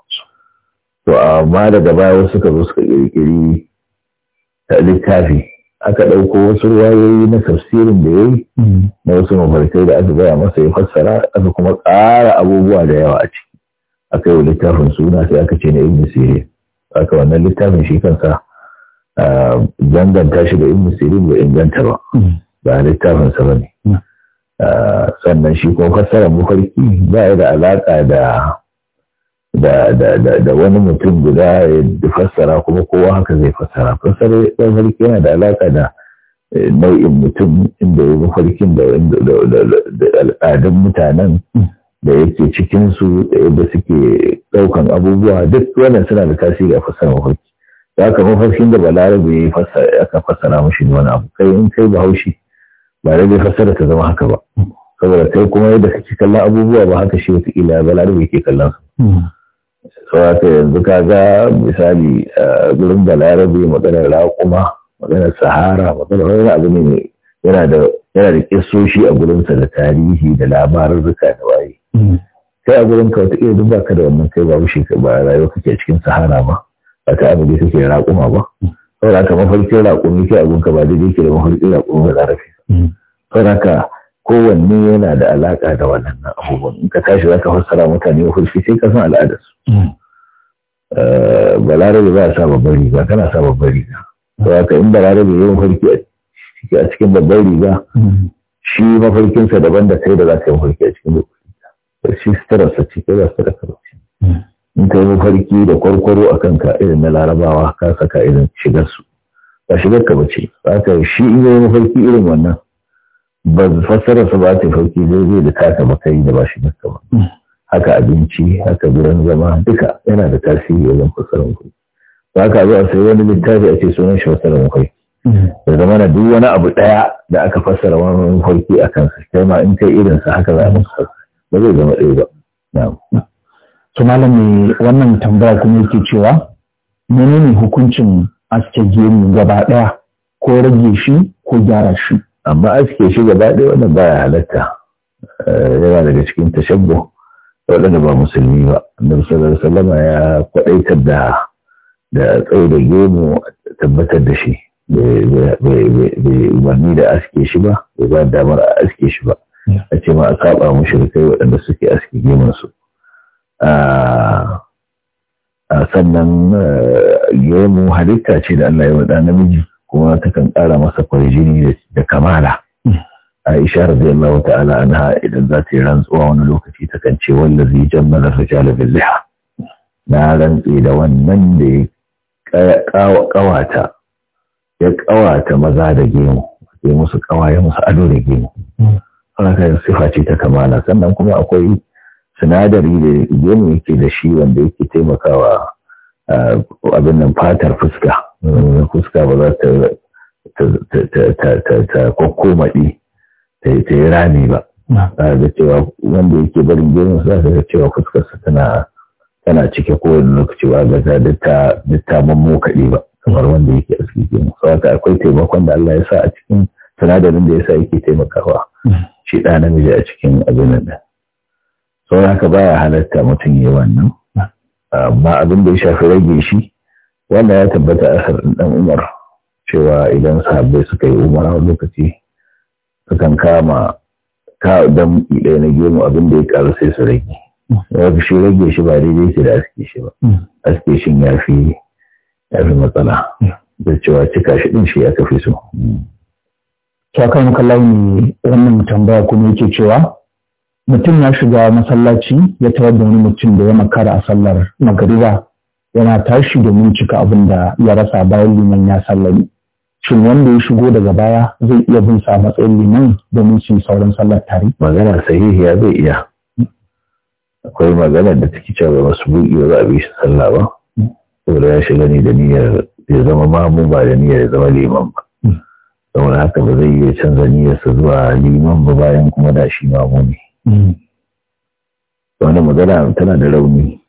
to amma daga baya wasu ka zo suka kirkiri littafi aka ɗauko wasu ruwayoyi na tafsirin da ya yi mm. na wasu mafarkai da aka gaya masa ya fassara aka kuma ƙara abubuwa da yawa a ciki aka yi littafin suna sai aka ce na ibn sirri aka wannan littafin shi kansa danganta shi da ibn sirri ba inganta ba mm. ba littafin sa bane mm. sannan shi kuma fassara mafarki ba ya da alaƙa da da wani mutum guda ya fassara kuma kowa haka zai fassara fassara ɗan farki yana da alaƙa da eh, nau'in mutum inda ya mafarkin da al'adun mutanen da yake cikinsu da suke ɗaukan abubuwa duk wannan suna da tasiri a fassara mafarki da aka mafarkin da balarabe ya aka fassara mashi wani abu kai in kai bahaushe ba da fassara ta zama haka ba saboda kai kuma yadda kake kallon abubuwa ba haka shi wata ila balarabe ke kallon su hmm. saurata yanzu kaga misali a gurin balarabe maganar raƙuma maganar sahara maganar wani abu ne yana da yana kisoshi a gurinsa da tarihi da labarin zuka da waye mm. kai a gurin ka wata iya duk baka da wannan kai babu shekaru ba rayuwa kake cikin sahara ba ba ta abu da kake raƙuma ba mm. saboda ka mafarkin raƙumi kai a gurinka ba daidai ke da mafarkin raƙumi ba zarafi mm. saboda ka kowanne yana da alaƙa da waɗannan abubuwan in ka tashi za ka fassara mutane mafarki sai ka san al'adarsu Eh, balarabe ba a sa babbar riga kana sa babbar riga to haka in balarabe yawan farki a cikin babbar riga shi mafarkinsa daban da kai da za ka yi mafarki a cikin lokaci shi sa ce kai za su da ce in ka yi mafarki da kwarkwaro a kanka irin na larabawa ka saka irin su ba shigar ka ba ce haka shi in yi mafarki irin wannan ba fassararsa ba ta farki zai zai da taka makai da ba shigar ka ba haka abinci haka gurin zama duka yana da tasiri wajen fasarar kuɗi ba ka zuwa sai wani littafi a ce sunan shi fasarar kuɗi da zama na duk wani abu daya da aka fassara wani mafarki a kansa kai ma in kai irinsa haka za a masa ba zai zama ɗaya ba to malami wannan tambaya kuma yake cewa menene hukuncin aske gemu gaba daya ko rage shi ko gyara shi amma aske shi gaba daya wannan baya halatta eh, yana daga cikin tashabbu waɗanda ba musulmi ba da musulmi salama ya kwaɗaitar da da tsaye da gemu tabbatar da shi bai umarni da aske shi ba bai ba damar a aske shi ba a ce ma a saba mushrikai waɗanda suke aske gemunsu a sannan gemu halitta ce da Allah ya wada namiji kuma ta kan ƙara masa kwarjini da kamala Aisha radiyallahu ta'ala ha, idan za su yi rantsuwa wani lokaci ta kan ce wallazi jammala rijal bil liha na rantsi da wannan da ya kawata ya kawata maza da gemu ya musu ya musu ado da gemu haka sifa ce ta kamala sannan kuma akwai sinadari da gemu yake da shi wanda yake taimakawa abin nan fatar fuska fuska ba za ta kwakko maɗi. sai ta yi rami ba za ga cewa wanda yake barin girma za da cewa fuskarsa tana tana cike kowane lokaci ba ga ta da ta mammo kaɗe ba kamar wanda yake aski gemun saboda akwai taimakon da Allah ya sa a cikin sinadarin da ya sa yake taimakawa shi ɗa namiji a cikin abin nan sau haka baya halatta mutum yi wannan amma abin da ya shafi rage shi wanda ya tabbata a ɗan umar cewa idan sahabbai suka yi umara lokaci sukan kama ka dan ɗaya na gemu abin da ya karu sai su rage ya fi shi rage shi ba daidai ke da aske shi ba hmm. aske shi ya fi ya matsala hmm. da cewa cika shi ɗin shi ya kafi so hmm. ta kan launi wannan tambaya kuma yake cewa mutum ya shiga masallaci ya tawar da wani mutum da ya makara a sallar magariba yana tashi domin cika abin da ya rasa bayan liman ya sallari. shin wanda ya shigo daga baya zai iya bin sa matsayin liman domin shi sauran sallar tare magana sahihiya zai iya akwai magana da take cewa masu buɗe ba za a bi shi sallah ba saboda ya shiga ne da niyyar ya zama mamu ba da niyyar ya zama liman ba saboda haka ba zai iya canza niyyarsa zuwa liman ba bayan kuma da shi mamu ne wani magana tana da rauni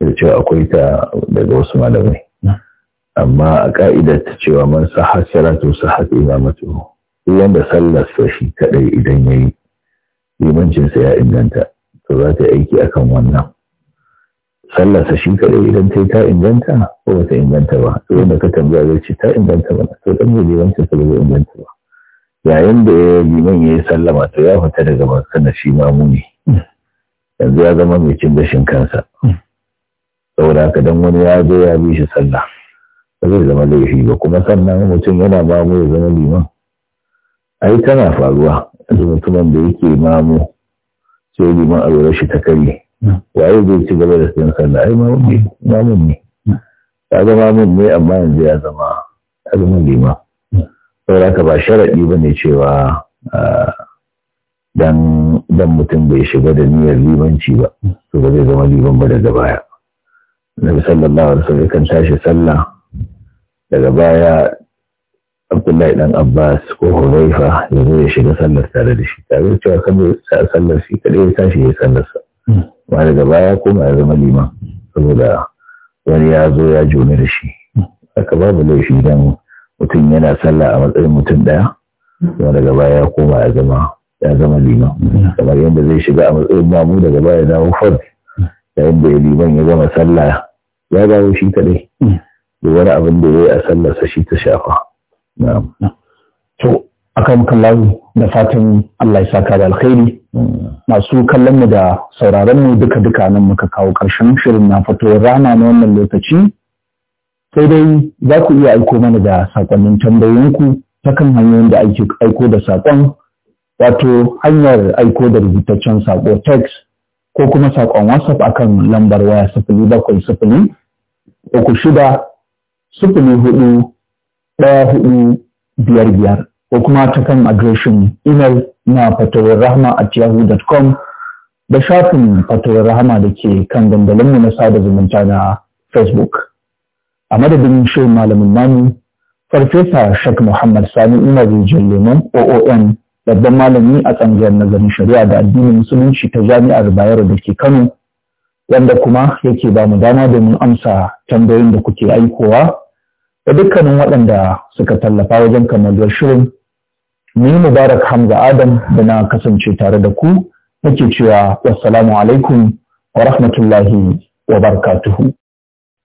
da cewa akwai ta daga wasu malamai amma a ka'ida ta cewa man sahasara to sahat imamatu sallas ta shi kadai idan ya yi limancinsa ya inganta to za ta aiki akan wannan sallasa shi kadai idan ta yi ta inganta ko ba ta inganta ba to wanda ka tambaya zai ce ta inganta ba to dan ne limancin sa zai inganta ba yayin da ya liman ya yi sallama to ya fita daga masana shi ma muni. yanzu ya zama mai cin gashin kansa saboda haka dan wani ya zo ya bi shi sallah ba zai zama laifi ba kuma sannan mutum yana mamu ya zama liman ai tana faruwa yanzu mutumin da yake mamu sai liman a lura shi ta kare waye zai ci gaba da sayan sallah ai mamun ne ya zama mamun ne amma yanzu ya zama ya zama liman saboda haka ba sharaɗi ba ne cewa dan dan mutum bai shiga da niyyar limanci ba su ba zai zama liman ba daga baya nabi sallallahu alaihi wasallam kan tashi sallah daga baya abdullahi dan abbas ko huraifa ya zo ya shiga sallar tare da shi tare da cewa sallar shi kadai ya tashi ya sallar sa. Hmm. ma daga baya kuma ya zama liman saboda wani ya zo ya jone da shi hmm. aka babu laifi dan mutum yana sallah a matsayin mutum ɗaya kuma daga baya ya koma ya zama ya zama liman hmm. kamar yadda zai shiga a matsayin mamu daga baya ya dawo fard yayin da ya liman ya gama sallah ya dawo shi kadai da wani abin da yayi a sallarsa shi ta shafa to akan kallahu da fatan Allah ya saka da alkhairi masu kallon mu da sauraron mu duka duka nan muka kawo karshen shirin na fito rana na wannan lokaci sai dai za ku iya aiko mana da sakonnin tambayoyinku ta kan hanyoyin da ake aiko da sakon wato hanyar aiko da rubutaccen sako text ko kuma sakon whatsapp akan lambar waya sifili bakwai sifili uku shida sufuli hudu ɗaya hudu biyar biyar ko kuma ta kan adireshin imel na fatawar rahama at yahoo.com da shafin fatawar rahama da ke kan dandalinmu na sada zumunta na facebook a madadin shirin malamin namu farfesa Shak muhammad sani umar rijiyar lemon oon babban malami a tsangiyar nazarin shari'a da addinin musulunci ta jami'ar bayero da ke kano wanda kuma yake ba mu dama domin amsa tambayoyin da kuke aikowa da dukkanin waɗanda suka tallafa wajen kamaluwar shirin ni mubarak hamza adam da na kasance tare da ku nake cewa wassalamu alaikum wa rahmatullahi wa barakatuhu